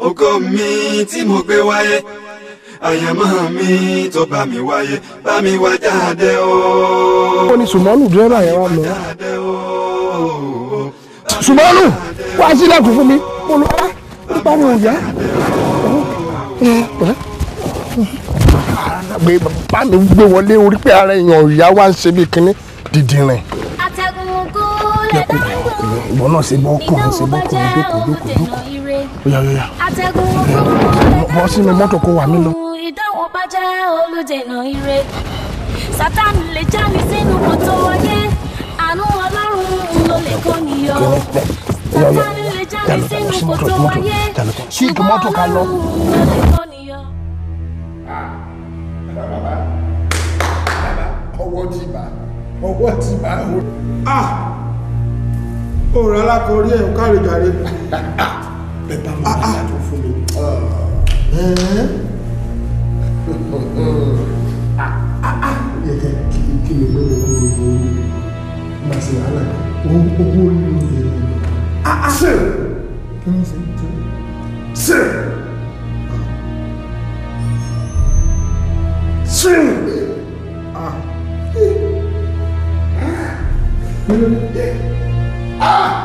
Oko mi tí mo gbé wáyé àyànmọ́ mi tó bá mi wáyé bá mi wá jáde o. ó ní sùmọ́nù dírẹ́bà yẹn wà lọ. sùmọ́nù wá sílẹ̀kùn fún mi mo lọ wá ó bá mi ò yá. gbé bá mi gbé wọlé orí pé ara èèyàn ọ̀yá wá ń ṣe bí kinní dìdìrín. atẹ́gùn kúlẹ̀ dáńgò. ìwọ náà ṣe bọ́ ọkùnrin ṣe bọ́ ọkùnrin dókòó dókòó dókòó oya oya. atẹ́gùn gbogbo bọ́ sínú mọ́tò kó wà mí lọ. ìdánwò bá jẹ́ olùdènà ire sátán lè já mi sínú kòtò ayé àánú ọlọ́run ló lè kó mi yọ sátán lè já mi sínú kòtò ayé ṣùgbọ́n ọlọ́run ló lè kó mi yọ. ọwọ́ ti bá ọwọ́ ti bá o. Ah! ó rà lákòórí ẹ̀ ń kárìjàre bẹ́ẹ̀ bá máa ah, ah. rìn àjò fún mi. Ah. kí ni pé owó owó máa ṣe wàhálà owó nínú ìlú. sir sir sir. Ah!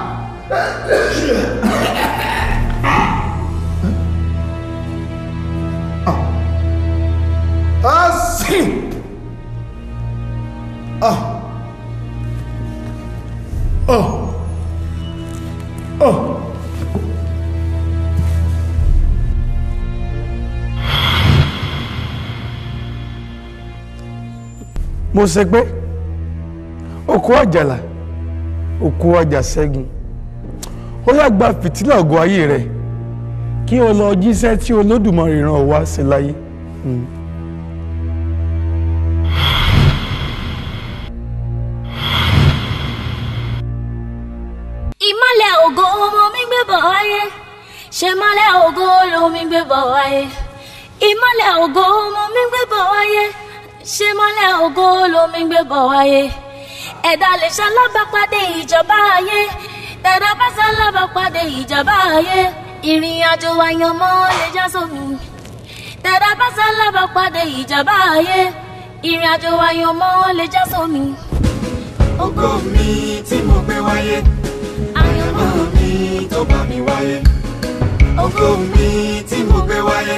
ṣègbè òkú ọ̀jàlá òkú ọjà ṣẹ́gun ó yá gba fìtílà ògo ayé rẹ kí o lọ jíṣẹ́ tí olódùmarè rán ọ wá sí láyé. Mm. ìmọ́lẹ̀ ògo ọmọ mi gbé bọ̀ wáyé ṣe mọ́lẹ̀ ògo olómi gbé bọ̀ wáyé ìmọ́lẹ̀ ògo mi gbé bọ̀ wáyé ṣe mọ́lẹ̀ ògo lomi gbé bọ̀ wáyé ẹ̀dá lè ṣalábàpàdé ìjọba ayé ẹ̀dá bá ṣalábàpàdé ìjọba ayé ìrìn àjò àyànmọ́ lè já sómi ẹ̀dá bá ṣalábàpàdé ìjọba ayé ìrìn àjò àyànmọ́ lè já sómi. ògo mi tí mo gbé wáyé àyànmọ́ mi tó bá mi wáyé ògo mi tí mo gbé wáyé.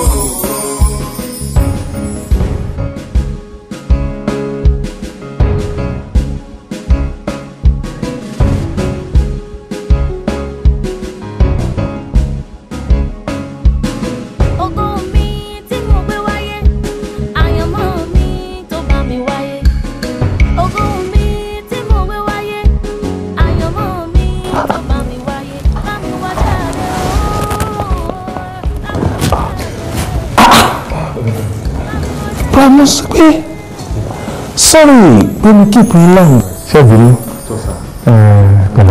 bá mú sí pé sorry pé mo kí ìpín lọ́hùn. ṣọ́ọ̀bù ni pẹ̀lẹ́.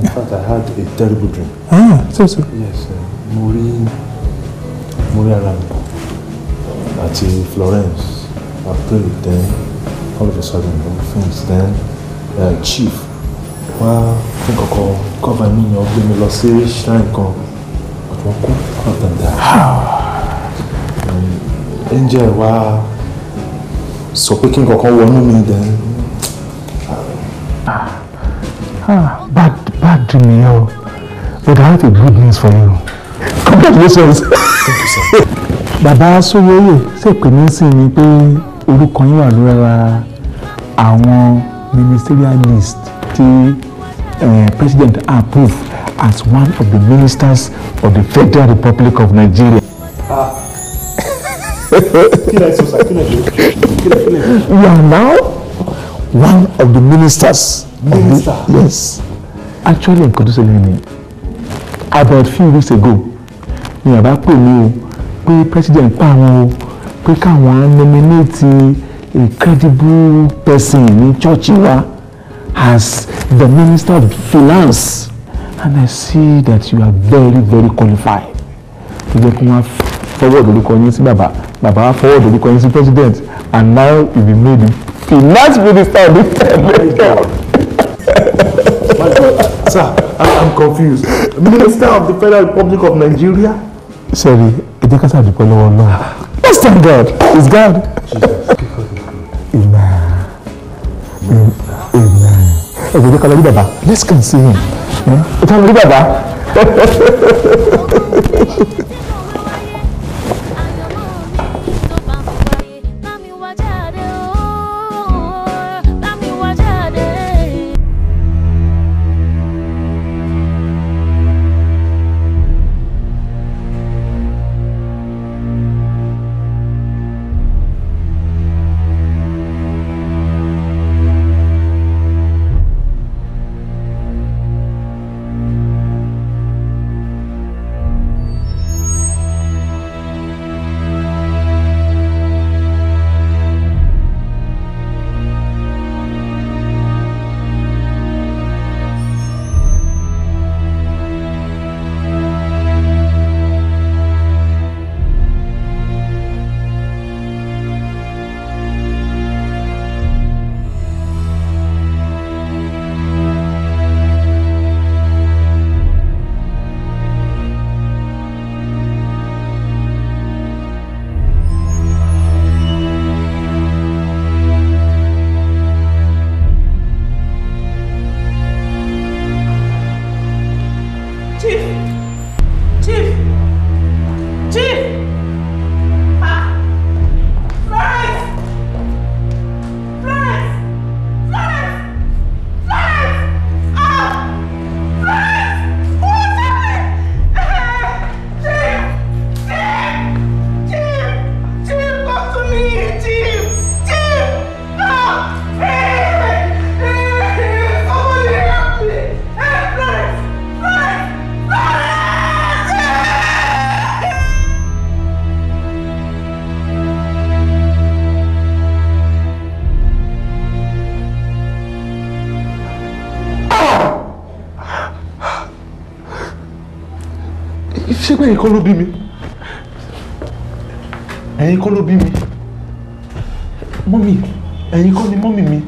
in fact I had a terrible dream. ah so so. yes mo rí mo rí ara mi àti Florence April then all of a sudden things then uh, chief wá fún kọ̀kọ́ kọ́fà mi yàn gbé mi lọ sí shrine kan ọ̀tún kú ọ̀tàn dà. Ah. angel wá. Wow sọ pé kí n kankan wọnú mi dẹ̀. Ah. Ah, bad bad nìyẹn o but I have a good news for you congratulations. thank you sir. bàbá sóyóyè ṣèpè ní sí mi pé orúkọ yín wà lóra àwọn ministerial list tí eh, president approve as one of the ministers of the Federal Republic of Nigeria you are now one of the ministers. minister of the, yes actually nǹkan tó ṣẹlẹ̀ about few weeks ago ni bàbá pè mí o pé president pa àwọn o pé káwọn nominate a credible person ní church wa as the minister of finance and i see that you are very very qualified. ẹ jẹ́ kí wọ́n fọwọ́ ìdòdó kan yín sí bàbá baba forward orúkọ yín sí president and now you be made finance minister of this time sir I am confused minister of the federal republic of nigeria. sẹ́ẹ̀rì ẹ jẹ́ ká ṣàdúpẹ́ lọ́wọ́ náà let's thank god it's god. amen amen ẹ jẹ́ ká let's come see him ẹ ká lọ rí kọ́ ló bí mi ẹ̀yin kọ́ ló bí mi mọ́mì ẹ̀yin kọ́ ni mọ́mì mi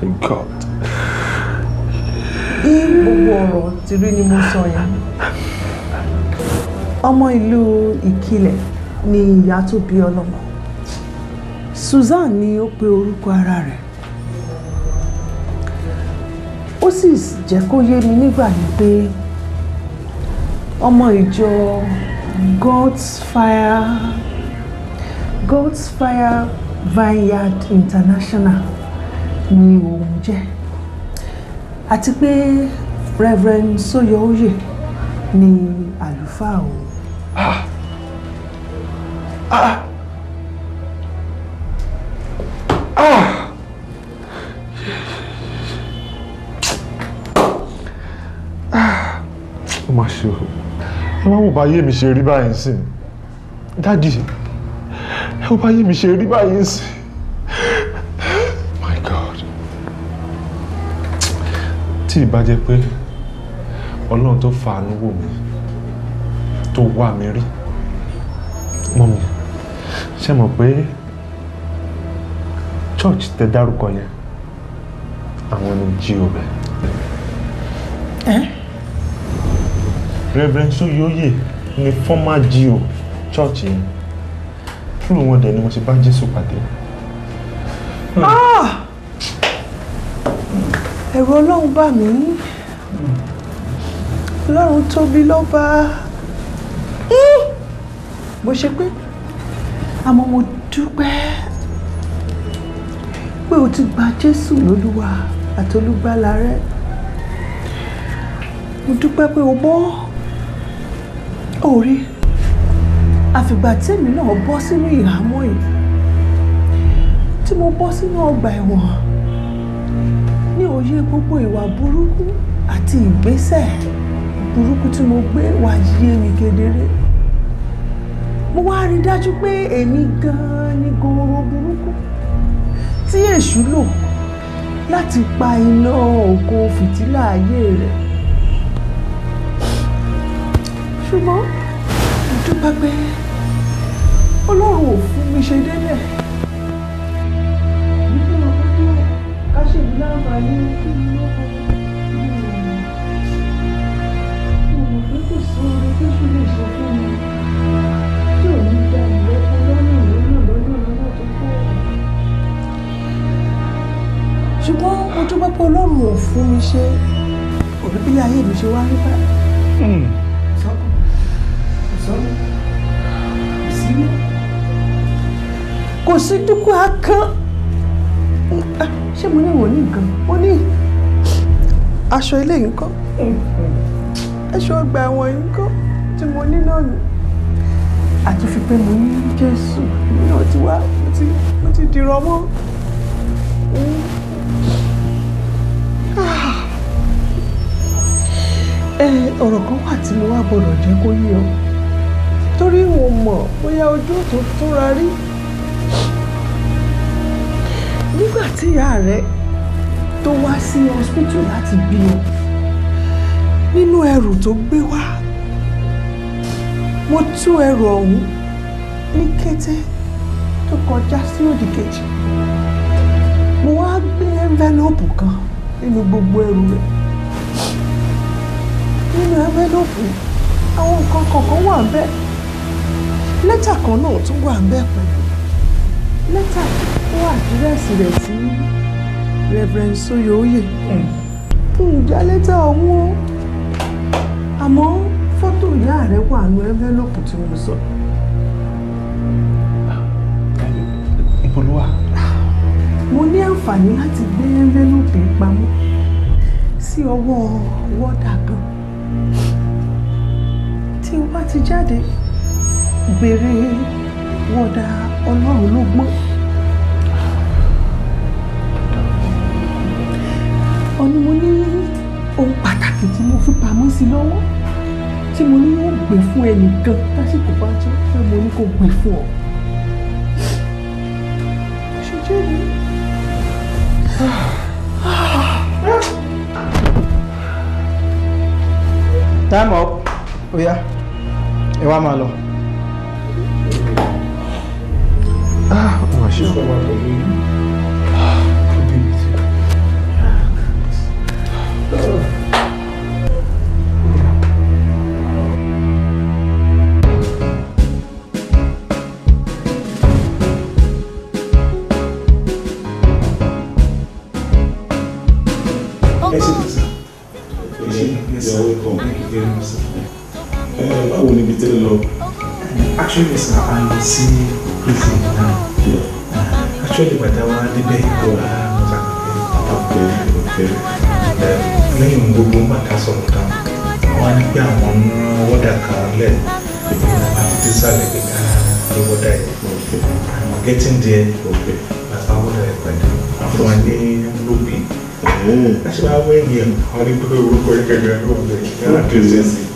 my god. gbogbo ọ̀rọ̀ tìrí ni mo sọ yẹn ọmọ ìlú ìkìlẹ̀ ni ìyá tó bí ọlọ́mọ Susan ni ó pe orúkọ ara rẹ̀ sì jẹ́ kó yé mi nígbà yẹn pé ọmọ ìjọ God's Fire God's Fire Vineyard International ni òun jẹ́ àti pé Reverend Soyoye ni àlùfáà òun. ah ah ṣe o ọlọ́run bá yé mi ṣe rí báyìí sí i dáàdì ẹ bá yé mi ṣe rí báyìí sí my god tí ì bá jẹ́ pé ọlọ́run tó fàánú wò mí tó wà mí rí mọ́ mi ṣe mọ̀ pé church tẹ dárúkọ yẹn àwọn ẹni jí o bẹ́ẹ̀. Reverend Soyoye ni former GO church yẹn through wọn dẹ̀ ni mo ti bá Jésù pàdé. Ah! ẹ̀rù Ọlọ́run bà mí Ọlọ́run tóbi ló bá bó hmm! ṣe pé àmọ́ mo dúpẹ́ pé o ti gba Jésù lólúwa àtolúgbàlà rẹ mo dúpẹ́ pé o bọ́ orí àfìgbà tí èmi náà bọ́ sínú ìhámọ́ yìí tí mo bọ́ sínú ọgbà ẹ̀wọ̀n ní òye gbogbo ìwà burúkú àti ìgbésẹ̀ burúkú tí mo gbé wá yé mi kedere mo wá rí dájú pé èmi gan-an ni gòrò burúkú tí èṣù lò láti pa iná ògo fìtílà ayé rẹ̀ ṣùgbọ́n mo dúpẹ́ pé ọlọ́run ò fún mi ṣe délẹ̀. nígbà tó dé ká ṣèlú láǹfààní kí n lọ bọ̀ mo mọ̀ pé kò sí oore tó ṣe lè ṣe fún mi tí ṣùgbọ́n mo ọlọ́run ò fún mi ṣe òbí bílẹ̀ ayé mi ṣe wá rí kò sí dúkúà kan ah, ṣé mo ní wò ní gan mo ní aṣọ ilé yìí kọ́ aṣọ ọgbà àwọn yìí kọ́ tí mo ní náà nù àti fi pé mo ní Jésù náà ti wá mo ti dìrọ̀ mọ́. Ah. ọ̀rọ̀ kan wà tí mo wá gbọ́dọ̀ jẹ́ kó yé ọ torí mo mọ̀ bóyá ojú tó túnra rí nígbà tí ìyá rẹ tó wá sí hospital láti bí ọ nínú ẹrù tó gbé wá mo tú ẹrù ọ̀hún ní kété tó kọjá sí òdì kejì mo wá gbé envelope kan nínú gbogbo ẹrù rẹ nínú envelope àwọn nǹkan kọ̀ọ̀kan wà bẹ́ẹ̀ lẹ́tà kan náà tún wà bẹ́ẹ̀ pẹ̀lú lẹ́tà yìí kó àdírẹ́sì rẹ̀ sí reverend soyoye hmm. kí n já létà ọ̀hún o àmọ́ fọ́tò ìyá rẹ̀ wà nù ẹ́fẹ́lọ́pù tí mo sọ. ibo ló wà. mo ní àǹfààní láti gbé ẹ́fẹ́lọ́pù pamọ́ sí ọwọ́ wọ́dà kan tí wọ́n ti jáde béèrè wọ́dà ọlọ́run ló gbọ́n. ọ ni mo ní ohun pàtàkì tí mo fi pamọ́ sí lọ́wọ́ tí mo ní yóò gbé fún ẹnìkan lásìkò bá tó pé mo ní kò gbé fún ọ. time up oya ẹ wá máa lọ. ah wàá ṣe é. actually sir i will see prison now actually but i wan dey beg god i wan okay okay lẹ́yìn gbogbo pàtà sọ̀rọ̀ kan wọ́n á ní pé àwọn ń rán wọ́dà kan lẹ̀ àti tísàlẹ̀ pé ká lé wọ́dà yìí I'm getting there bàbá wọ́dà yìí pẹ̀lú àwọn wa ní lóbi. láti máa wẹ́yìn ọ̀rí orúkọ ìkẹgbẹ́ ló ń bẹ̀rẹ̀ kí wọ́n sí i.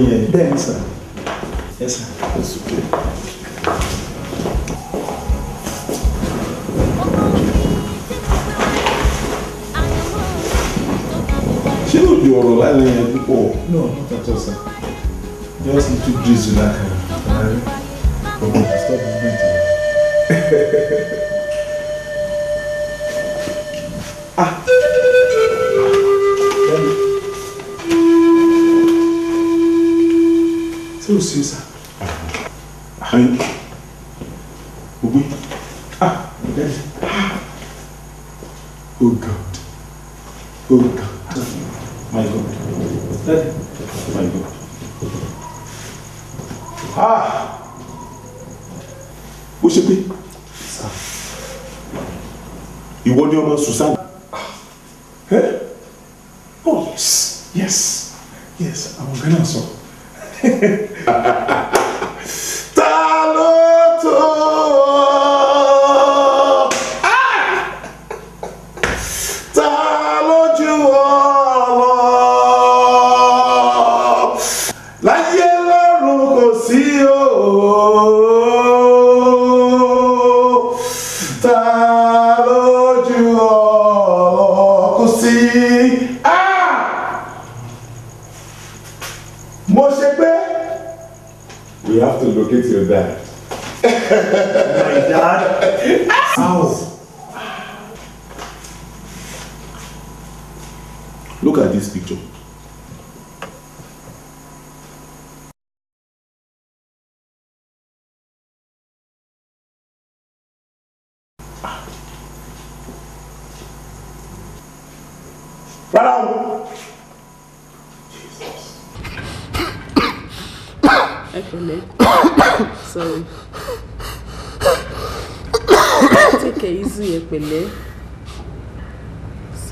yẹn bẹ́ẹ̀ yes sà.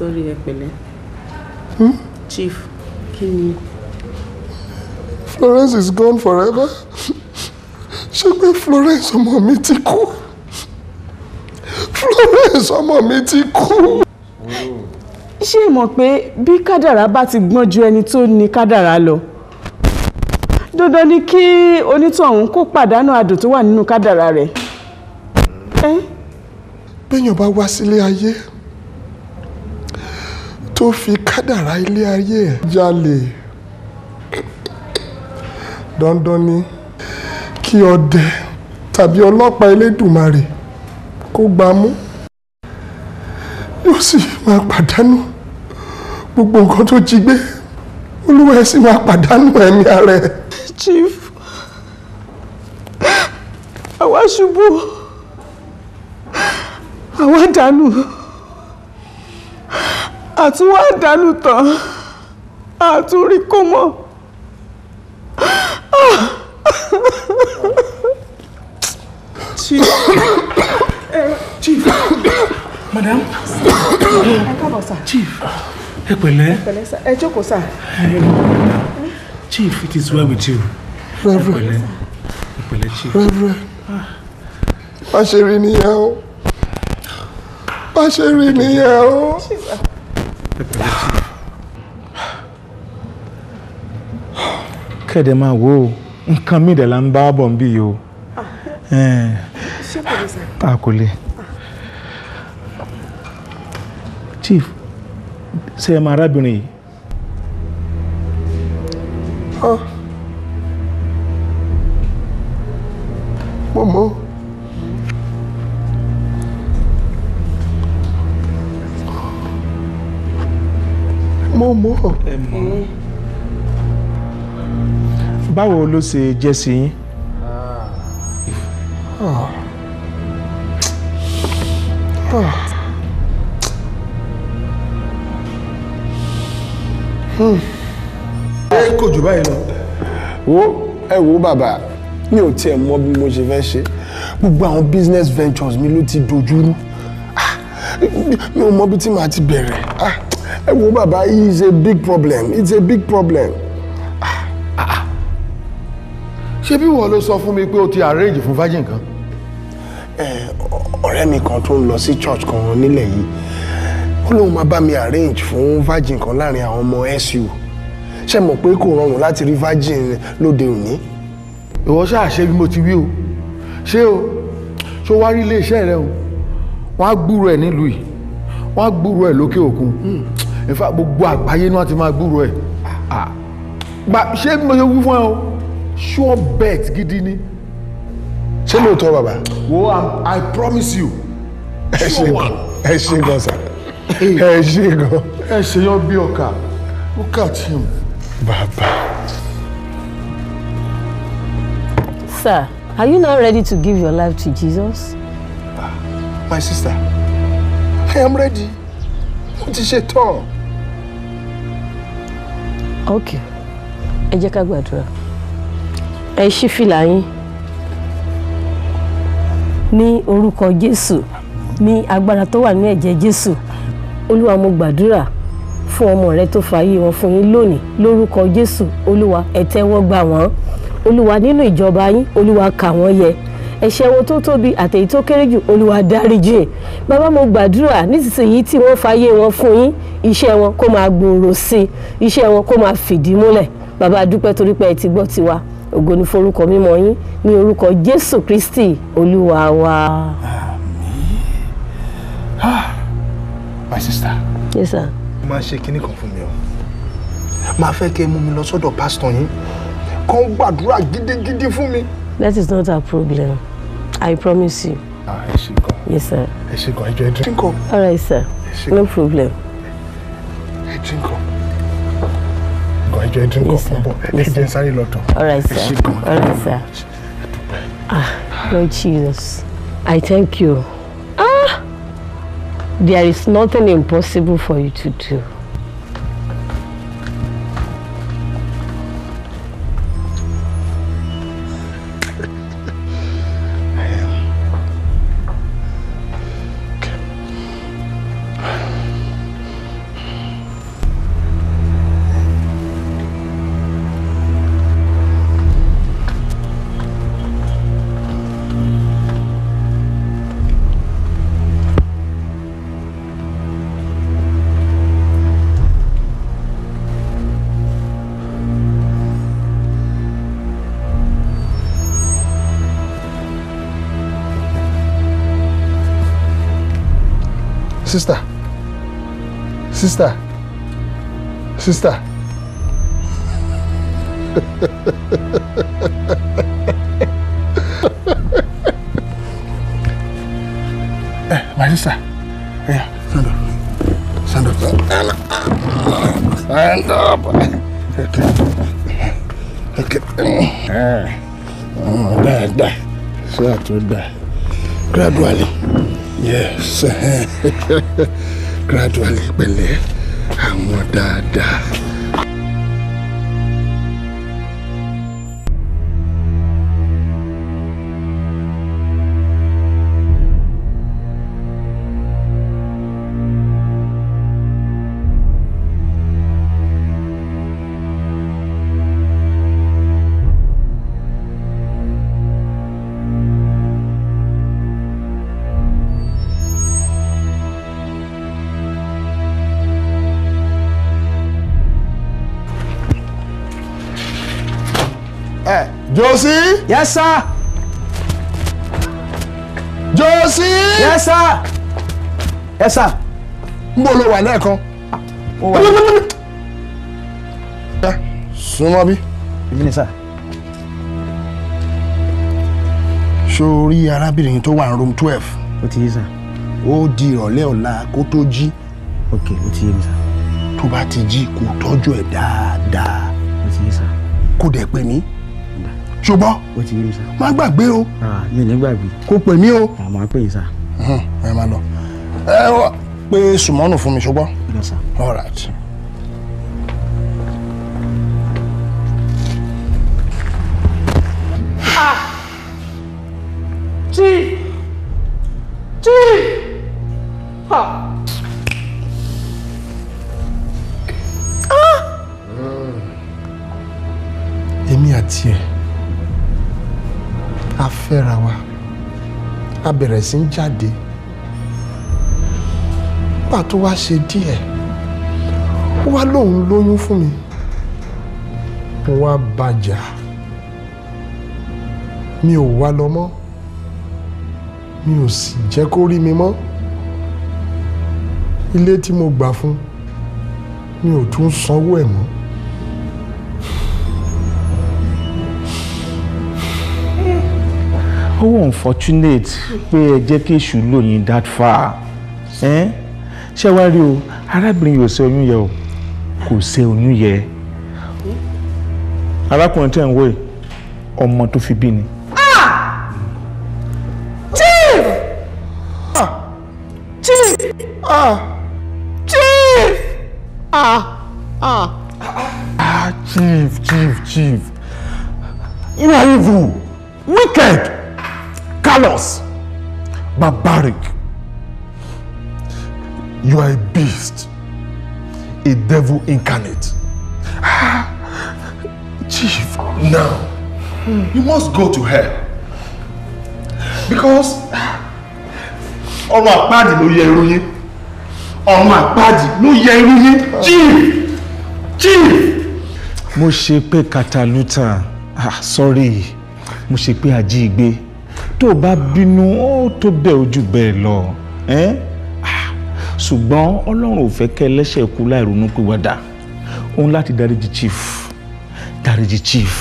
sórí ẹ hmm? chief kí ni. Florence is gone forever ṣé pé Florence ọmọ mi ti kú Florence ọmọ mi ti kú. ṣé ẹ mọ̀ pé bí kádàrá bá ti gbọ́n ju ẹni tó ní kádàrá lọ dandan ni kí onítọ̀hún kó pàdánù adùn tó wà nínú kádàrá rẹ̀. bẹ́ẹ̀yàn bá wá sílé ayé tó fi kádàrá ilé ayé ẹ̀ jalè dandan ni kí ọdẹ tàbí ọlọ́pàá elédùnmarè kó gbá mú yóò sì máa pàdánù gbogbo nǹkan tó jí gbé olúwa ẹ sì máa pàdánù ẹ̀mí ara ẹ̀. chief àwa ṣubú àwa dànù àtúwọ́ àdánù tán àtúrí kó mọ́ eh, chief madam chief ẹ pẹ̀lẹ́ ẹ jókòó sà chief it is well with you ẹ pẹ̀lẹ́ ẹ pẹ̀lẹ́ chief bá ṣe rí nìyẹn o bá ṣe rí nìyẹn o. kẹ́ẹ̀dẹ̀ máa wò ó nǹkan míì la ń bá bọ̀ ń bí yìí o. Ah. ṣé kò lè sàn. a kò lè. chief ṣé ẹ máa arábìnrin yìí. Oh. báwo ló ṣe jẹ́ sí yín. ẹ kò jù báyìí lọ. wo ẹ wo bàbá mi ò tiẹ̀ mọ bí mo ṣe fẹ́ ṣe gbogbo àwọn business ventures mi ló ti dojúrú ah, mi ò mọ bí tí màá ti bẹ̀rẹ̀ ah, ẹ wo bàbá it's a big problem it's a big problem ṣé bí wọ́n ló sọ fún mi pé o ti arrange fún virgin kan. ọ̀rẹ́ mi kan tó ń lọ sí church kan nílẹ̀ yìí ó lóun máa bá mi arrange fún virgin kan láàrin àwọn ọmọ su ṣe mọ̀ pé kò rọrùn láti rí virgin lóde òní. ìwọ ṣáà ṣe bí mo ti wí o ṣé o ṣó wá rí iléeṣẹ́ rẹ o wọ́n á gbúrò ẹ̀ nílùú yìí wọ́n á gbúrò ẹ̀ lókè òkun in fact gbogbo àgbáyé ni wọ́n ti máa gbúrò ẹ̀ ah, ah. ṣé mo ṣe wí fún ẹ o sure bet gidi ni. ṣé lóòótọ́ bàbá. wo i promise you. ẹ ṣe gan ẹ ṣe gan sa ẹ ṣe gan. ẹ ṣe yan bí ọkà look at him. bàbá. sir are you now ready to give your life to jesus. my sister i am ready mo ti ṣe tán. okay ẹ jẹ́ ká gbàdúrà ẹ ṣí fìlà yín ní orúkọ Jésù ní agbára tó wà ní ẹ̀jẹ̀ Jésù Olúwa mo gbàdúrà fún ọmọ rẹ tó fààyè wọn fún yín lónìí lórúkọ Jésù Olúwa ẹ tẹ́wọ́ gbà wọ́n Olúwa nínú ìjọba yín Olúwa kà wọ́n yẹ ẹ̀ṣẹ̀ wo tó tóbi àtẹ̀yí tó kéré jù olúwa dáríjì bàbá mo gbàdúrà nísinsìnyí tí wọ́n fàyè wọn fún yín iṣẹ́ wọn kó máa gbòòrò sí i iṣẹ́ wọn kó máa fìdí múlẹ̀ bàbá dúpẹ́ torí ẹ ti gbọ́ tiwa ògo ni forúkọ mímọ́ yín ní orúkọ jésù kristi olúwa wa. Ah, my sister. yes sir. mo máa ṣe kinní kan fún mi o máa fẹ́ kí ẹ mú mi lọ sọ́dọ̀ pásítọ̀ yín kàn gbàdúrà gidigidi fún mi. that is not our problem i promise you. ah ẹ ṣe gan. yes sir. ẹ ṣe gan ẹ jọ ẹ drink up. all right sir no problem. ẹ drink up wa ẹjọ ẹtí nǹkan fún bọ ẹjẹ sáré lọ́tọ̀. sir ah lord jesus i thank you ah there is nothing impossible for you to do. Sister, sister, sister. Eh, my sister ẹ eh, yà stand up stand up stand up okay ẹ ẹ dáadáa ṣé àtúndà gradually yes gradually pẹ̀lẹ́ àwọn dad. Yes, sir. Josie. Yes, sir. Yes, sir. N bò ló wà lẹ́ẹ̀kan. Ó wà lẹ́ẹ̀kan. Súnmọ́ bí. Èmi ni sà. Sori arábìnrin tó wà ní room twelve. Ó ti yé sà. Ó di ìrọ̀lẹ́ ọ̀la kó tó jí. Ok, ó ti yé mi sà. Tó bá ti jí kó tọ́jú ẹ̀ dáadáa. Ó ti yé sà. Kó dẹ̀ pè mí ṣùgbọ́n o ti rí sa má gbàgbé o mi ní gbàgbé kó pè mí o àmọ́ pè yín sa. ẹ máa lọ ẹ pé sùmọ́nù fún mi ṣùgbọ́n all right. bẹ̀rẹ̀ sí ń jáde nígbà tó wá ṣe díẹ̀ ó wá lóun lóyún fún mi mo wá bàjà mi ò wá lọ mọ́ mi ò sì jẹ́ kó rí mi mọ́ ilé tí mo gbà fún mi ò tún sanwó ẹ̀ mọ́. How unfortunate pé ẹ jẹ́ kí èṣù lò that far ṣé wàá rí o arábìnrin yóò ṣe oyún yẹ o kò ṣe oyún yẹ arákùnrin tẹ̀ ń wò ọmọ tó fi bí ni. Ah! chief ah. chief ah. chief ah. ah. ah chief chief chief you are evil wicked callous, barbaric. You are a beast, a devil incarnate. Ah, chief, now, you must go to her Because ọ̀run àpáàdì ló yẹ irú yín. Ọ̀run àpáàdì ló yẹ irú yín. Chief! Chief! Mo ṣe pé Kataluta, ah, sorry, mo ṣe pé Ajíigbe tó o bá bínú ó tó bẹ́ẹ̀ ojú bẹ́ẹ̀ lọ ah, ṣùgbọ́n ọlọ́run ò fẹ́ kẹ́ ẹlẹ́ṣẹ̀ kú láì ronú pìwàdà òun láti dáríjì chief dáríjì chief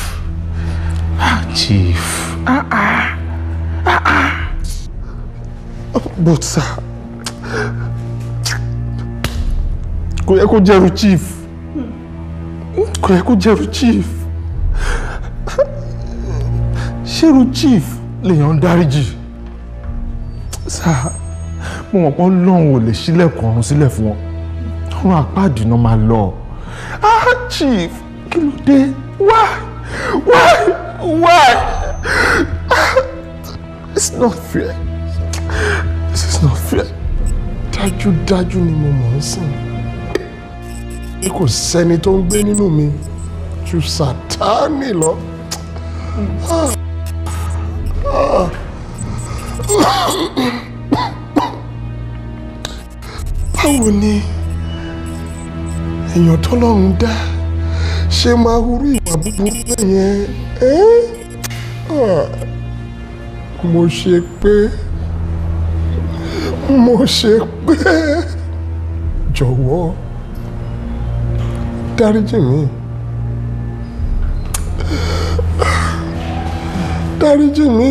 ah chief ah ah ah ah. but sir kò yẹ kó jẹ́rù chief kò yẹ kó jẹ́rù chief ṣẹ́rù chief lèèyàn ń dáríjì sáà mo mọ̀ pé ọlọ́run ò lè ṣílẹ̀kùn ọ̀run sílẹ̀ fún wọn ọ̀run àpáàdì náà máa lọ ah chief kí ló dé why why why ah, it's not fair this is not fair dájúdájú ni mo mọ̀ ń sìn bí kò sẹ́ni tó ń gbé nínú mi ju sátánì lọ. Ah báwo ni èèyàn tọ́lọ́run dá ṣe máa hurú ìwà búburú bẹ́yẹn mo ṣe pé mo ṣe pé jọ̀wọ́ dáríjì mi. dáríjì mi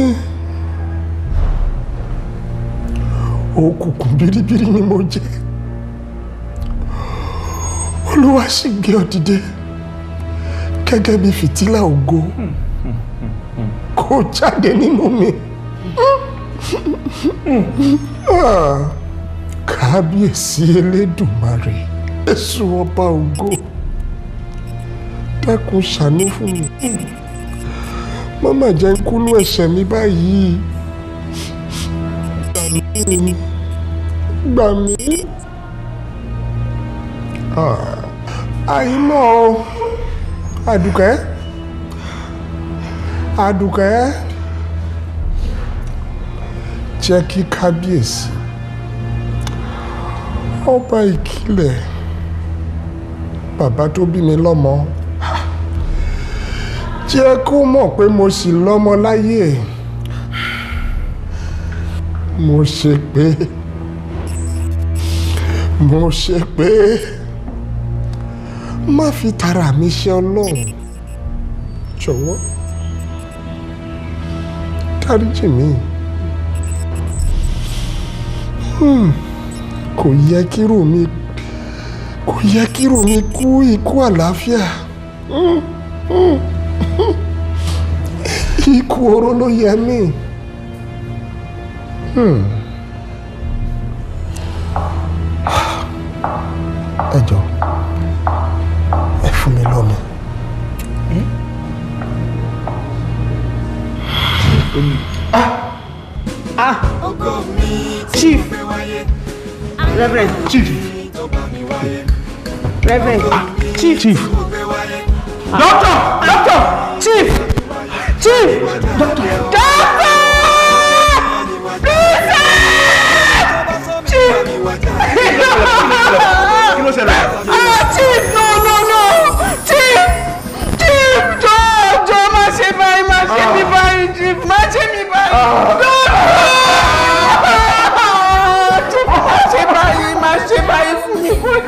òkùnkùn biribiri ni mo jẹ olúwa sì gbé ọ dìde gẹ́gẹ́ bí fìtílà ògo kó jáde nínú mi ah, kábíyèsí elédùmarè Jésù ọba ògo dákun ṣàánú fún mi. Mama jẹ́ ń kúnú ẹ̀ṣẹ̀ mi báyìí gbà mí àìmọ̀ o àdùkẹ́ àdùkẹ́ jẹ́ kí kábíyèsí ọba ìkìlẹ̀ bàbá tó bí mi lọ́mọ jẹ́ kó mọ̀ pé mo sì lọ́mọ láyé mo ṣe pé mo ṣe pé má fi tara mi ṣe ọlọ́run jọ̀wọ́ dáríjì hmm, mi kò yẹ kírò mi kò yẹ kírò mi kú ikú àlàáfíà. Mm, mm kí ikú oró ló yẹ mí. Hmm. Ah. ẹ jọ ẹ fún mi lómi. Ah. Ah. chief reverend chief reverend chief chief doctor doctor chief. Chief! Doctor! Doctor! please. Chief! Ah Chief no no no! Chief! Chief jọ jọ má ṣe báyìí má ṣe mi báyìí Chief má ṣe mi báyìí. Doctor! Chief má ṣe báyìí má ṣe báyìí fún mi.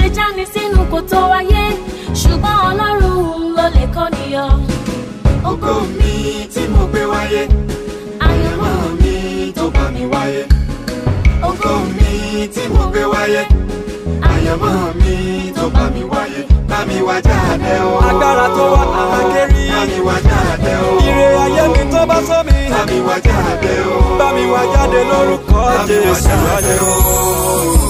lè jáni sínú kòtò ayé ṣùgbọ́n ọlọ́run ló lè kọ́ni yọ. ògo mi tí mo gbé wáyé àyànmọ́ mi tó bá mi wáyé. ògo mi tí mo gbé wáyé àyànmọ́ mi tó bá mi wáyé. bá wá jáde o. agbára tó wà àkèrè. bá wá jáde o. ire ayé mi tó bá sọ mi. bá wá jáde o. bá wá jáde lórúkọ Jésù. bá wá jáde o.